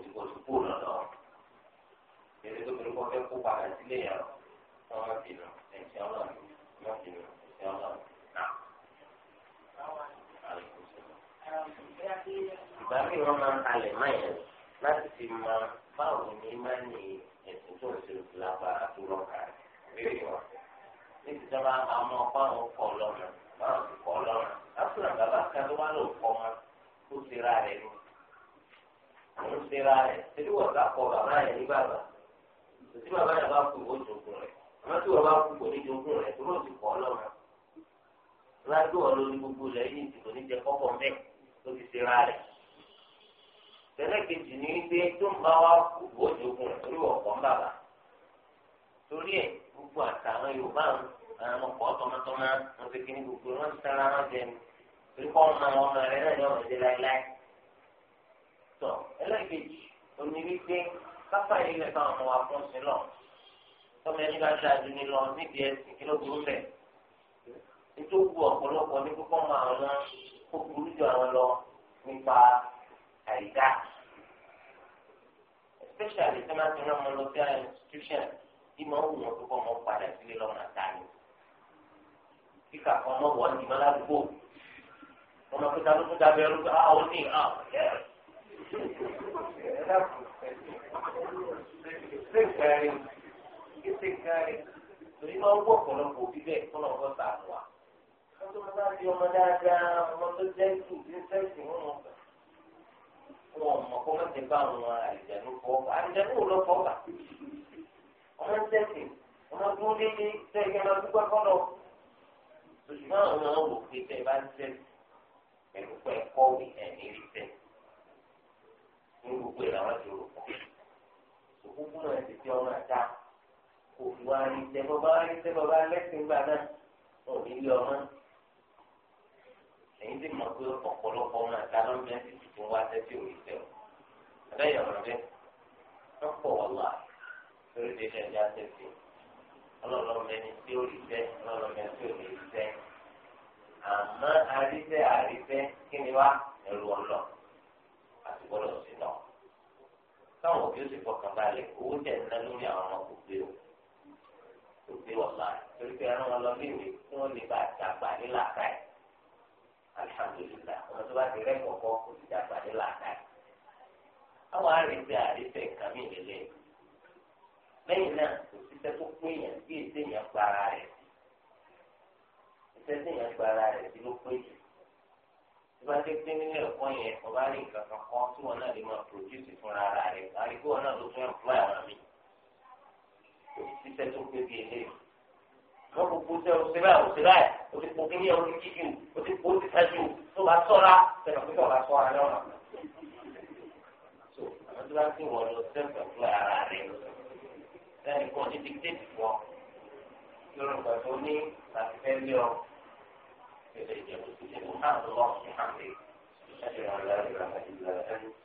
ti kó sùkú lọ́dọ̀ ẹni tó burúkú fẹ́ kó padà sílé yẹn wọ́n má bínú ẹ̀sìn ọlọ́run má bínú ẹ̀sìn ọlọ́run náà. ìgbà míì wọ́n máa ń halẹ̀ máyẹ̀ láti fi mọ báwo ni má ní ẹ̀sìn tó ń ṣe lágbára tó lọ́ka rírì wọn. ní ti àwọn ọkọ àwọn ọkọ ọlọ́run báwọn ti kọ ọlọ́run. lásìkò kan ló wá lò wọn ó ti ra rẹ̀ nù ń sera rẹ̀ tẹ́lẹ̀ wọ̀ ká kọ bàbá rẹ̀ ní bàbá tí bàbá rẹ̀ bá kú ìwọ́n rẹ̀ àmọ́ tí wọ́n bá kú kò rẹ̀ tó lóò kọ́ lọ́mọ. ládùú ọ̀ lórí gbogbo rẹ̀ yìí ti kò ní jẹ kọ́kọ́ mẹ́ tó ti sera rẹ̀. tẹ́lẹ̀ kejì ní pé tó ń bá wa kú ìwọ́n rẹ̀ torí wọ̀ kọ́ bàbá. torí ẹ̀ gbogbo àtàwọn Yorùbá àwọn ọkọ̀ tọmọtọmọ tọ ẹlẹ́kejì òní wípé káfá yìí lè bá ọmọ wa fún sí lọ tọmọ ẹni bá dájú ní lọ níbi ẹsìn kí ló burú bẹ ètò òkú ọ̀pọ̀lọpọ̀ ní kókó mọ àwọn kó burú jù àwọn lọ nípa àìdá especially tí wọ́n ti rán ọmọ lọ sí àwọn institution tí wọ́n wù wọ́n kókó ọmọ padà sílé lọ́mọ àtàlẹ́ kíkà kan mọ̀ wọ́n ní mọ́lá gbò wọ́n máa ló tún dábẹ́ ẹrú àwọn ah, ní àwọn ah, yẹ́rẹ́. ìṣèkárí ìṣèkárí torí máa ń wọ ọ̀pọ̀lọpọ̀ òbí bẹ́ẹ̀ kọ́ lọ́wọ́ bá a wà. wọ́n tó bá di ọmọ dáadáa ọmọ tó jẹ́ jù ní sẹ́ẹ̀sì wọn mọ̀ fẹ́. wọn mọ̀ bá ń lé ní sẹ́ẹ̀kẹ́ kọ́ lọ. ṣùgbọ́n àwọn ọmọ ní gbogbo ìlànà ti rò fún òkúkú náà ti fi ọmọ àta kò fi wá rí tẹ bọba rí tẹ bọba lẹsìn gbà náà wọn ò ní lé ọmọ ẹ̀yin ti mọ̀ pé ọ̀pọ̀lọpọ̀ ọmọ àta ló ń bẹ ti tuntun wá tẹsí òwe tẹ o abẹ́yẹ̀ ọ̀rọ̀ bẹ́ẹ̀ wọ́n pọ̀ wọ́n wà lórí ìdílé ẹ̀já tẹ̀sí ọlọ́lọ́mẹni tí gbọ́dọ̀ sí náà táwọn òbí ó sì fọkàn balẹ̀ owó tẹ̀ ń ná lórí àwọn ọmọ kò o kò gbé torí pé ẹran wọn lọ léwe kí wọ́n lè bá dàgbà ní làákàyè alihamudulilayi ọmọ tó bá ti rẹ kọ̀kọ́ kò sì dàgbà ní làákàyè àwọn arìnrìn àrífẹ́ nǹkan mi nílé náà kò síṣẹ́ tó pín yẹn bí èsè yẹn gba ara rẹ̀ sí yẹn gba ara rẹ̀ sí ló pé jù tó bá dé pé nínú ẹ̀kọ́ yẹn ọba rí nǹkan kan kọ́ tí wọn náà lè máa pòdúsì fúnra ara rẹ̀ àríkó wọn náà ló tún ẹ̀kọ́ àwọn mi òbí títẹ tó pé bí ilé wọn kò kó sẹ òsè báyìí òsè báyìí òsè kò kíní ọdún jíjù òsè kò ti sájú tó bá sọra tẹnà pé ọba sọ ara lọ́nà so àwọn tó bá ti wọ̀ lọ sẹ́ńtà fún ara rẹ̀ lẹ́yìn kan ní dídé fún ọ yóò rọ̀ pẹ̀lú ní ọ. إليك مسلم وحمد الله بحمده أشهد أن لا إله إلا أنت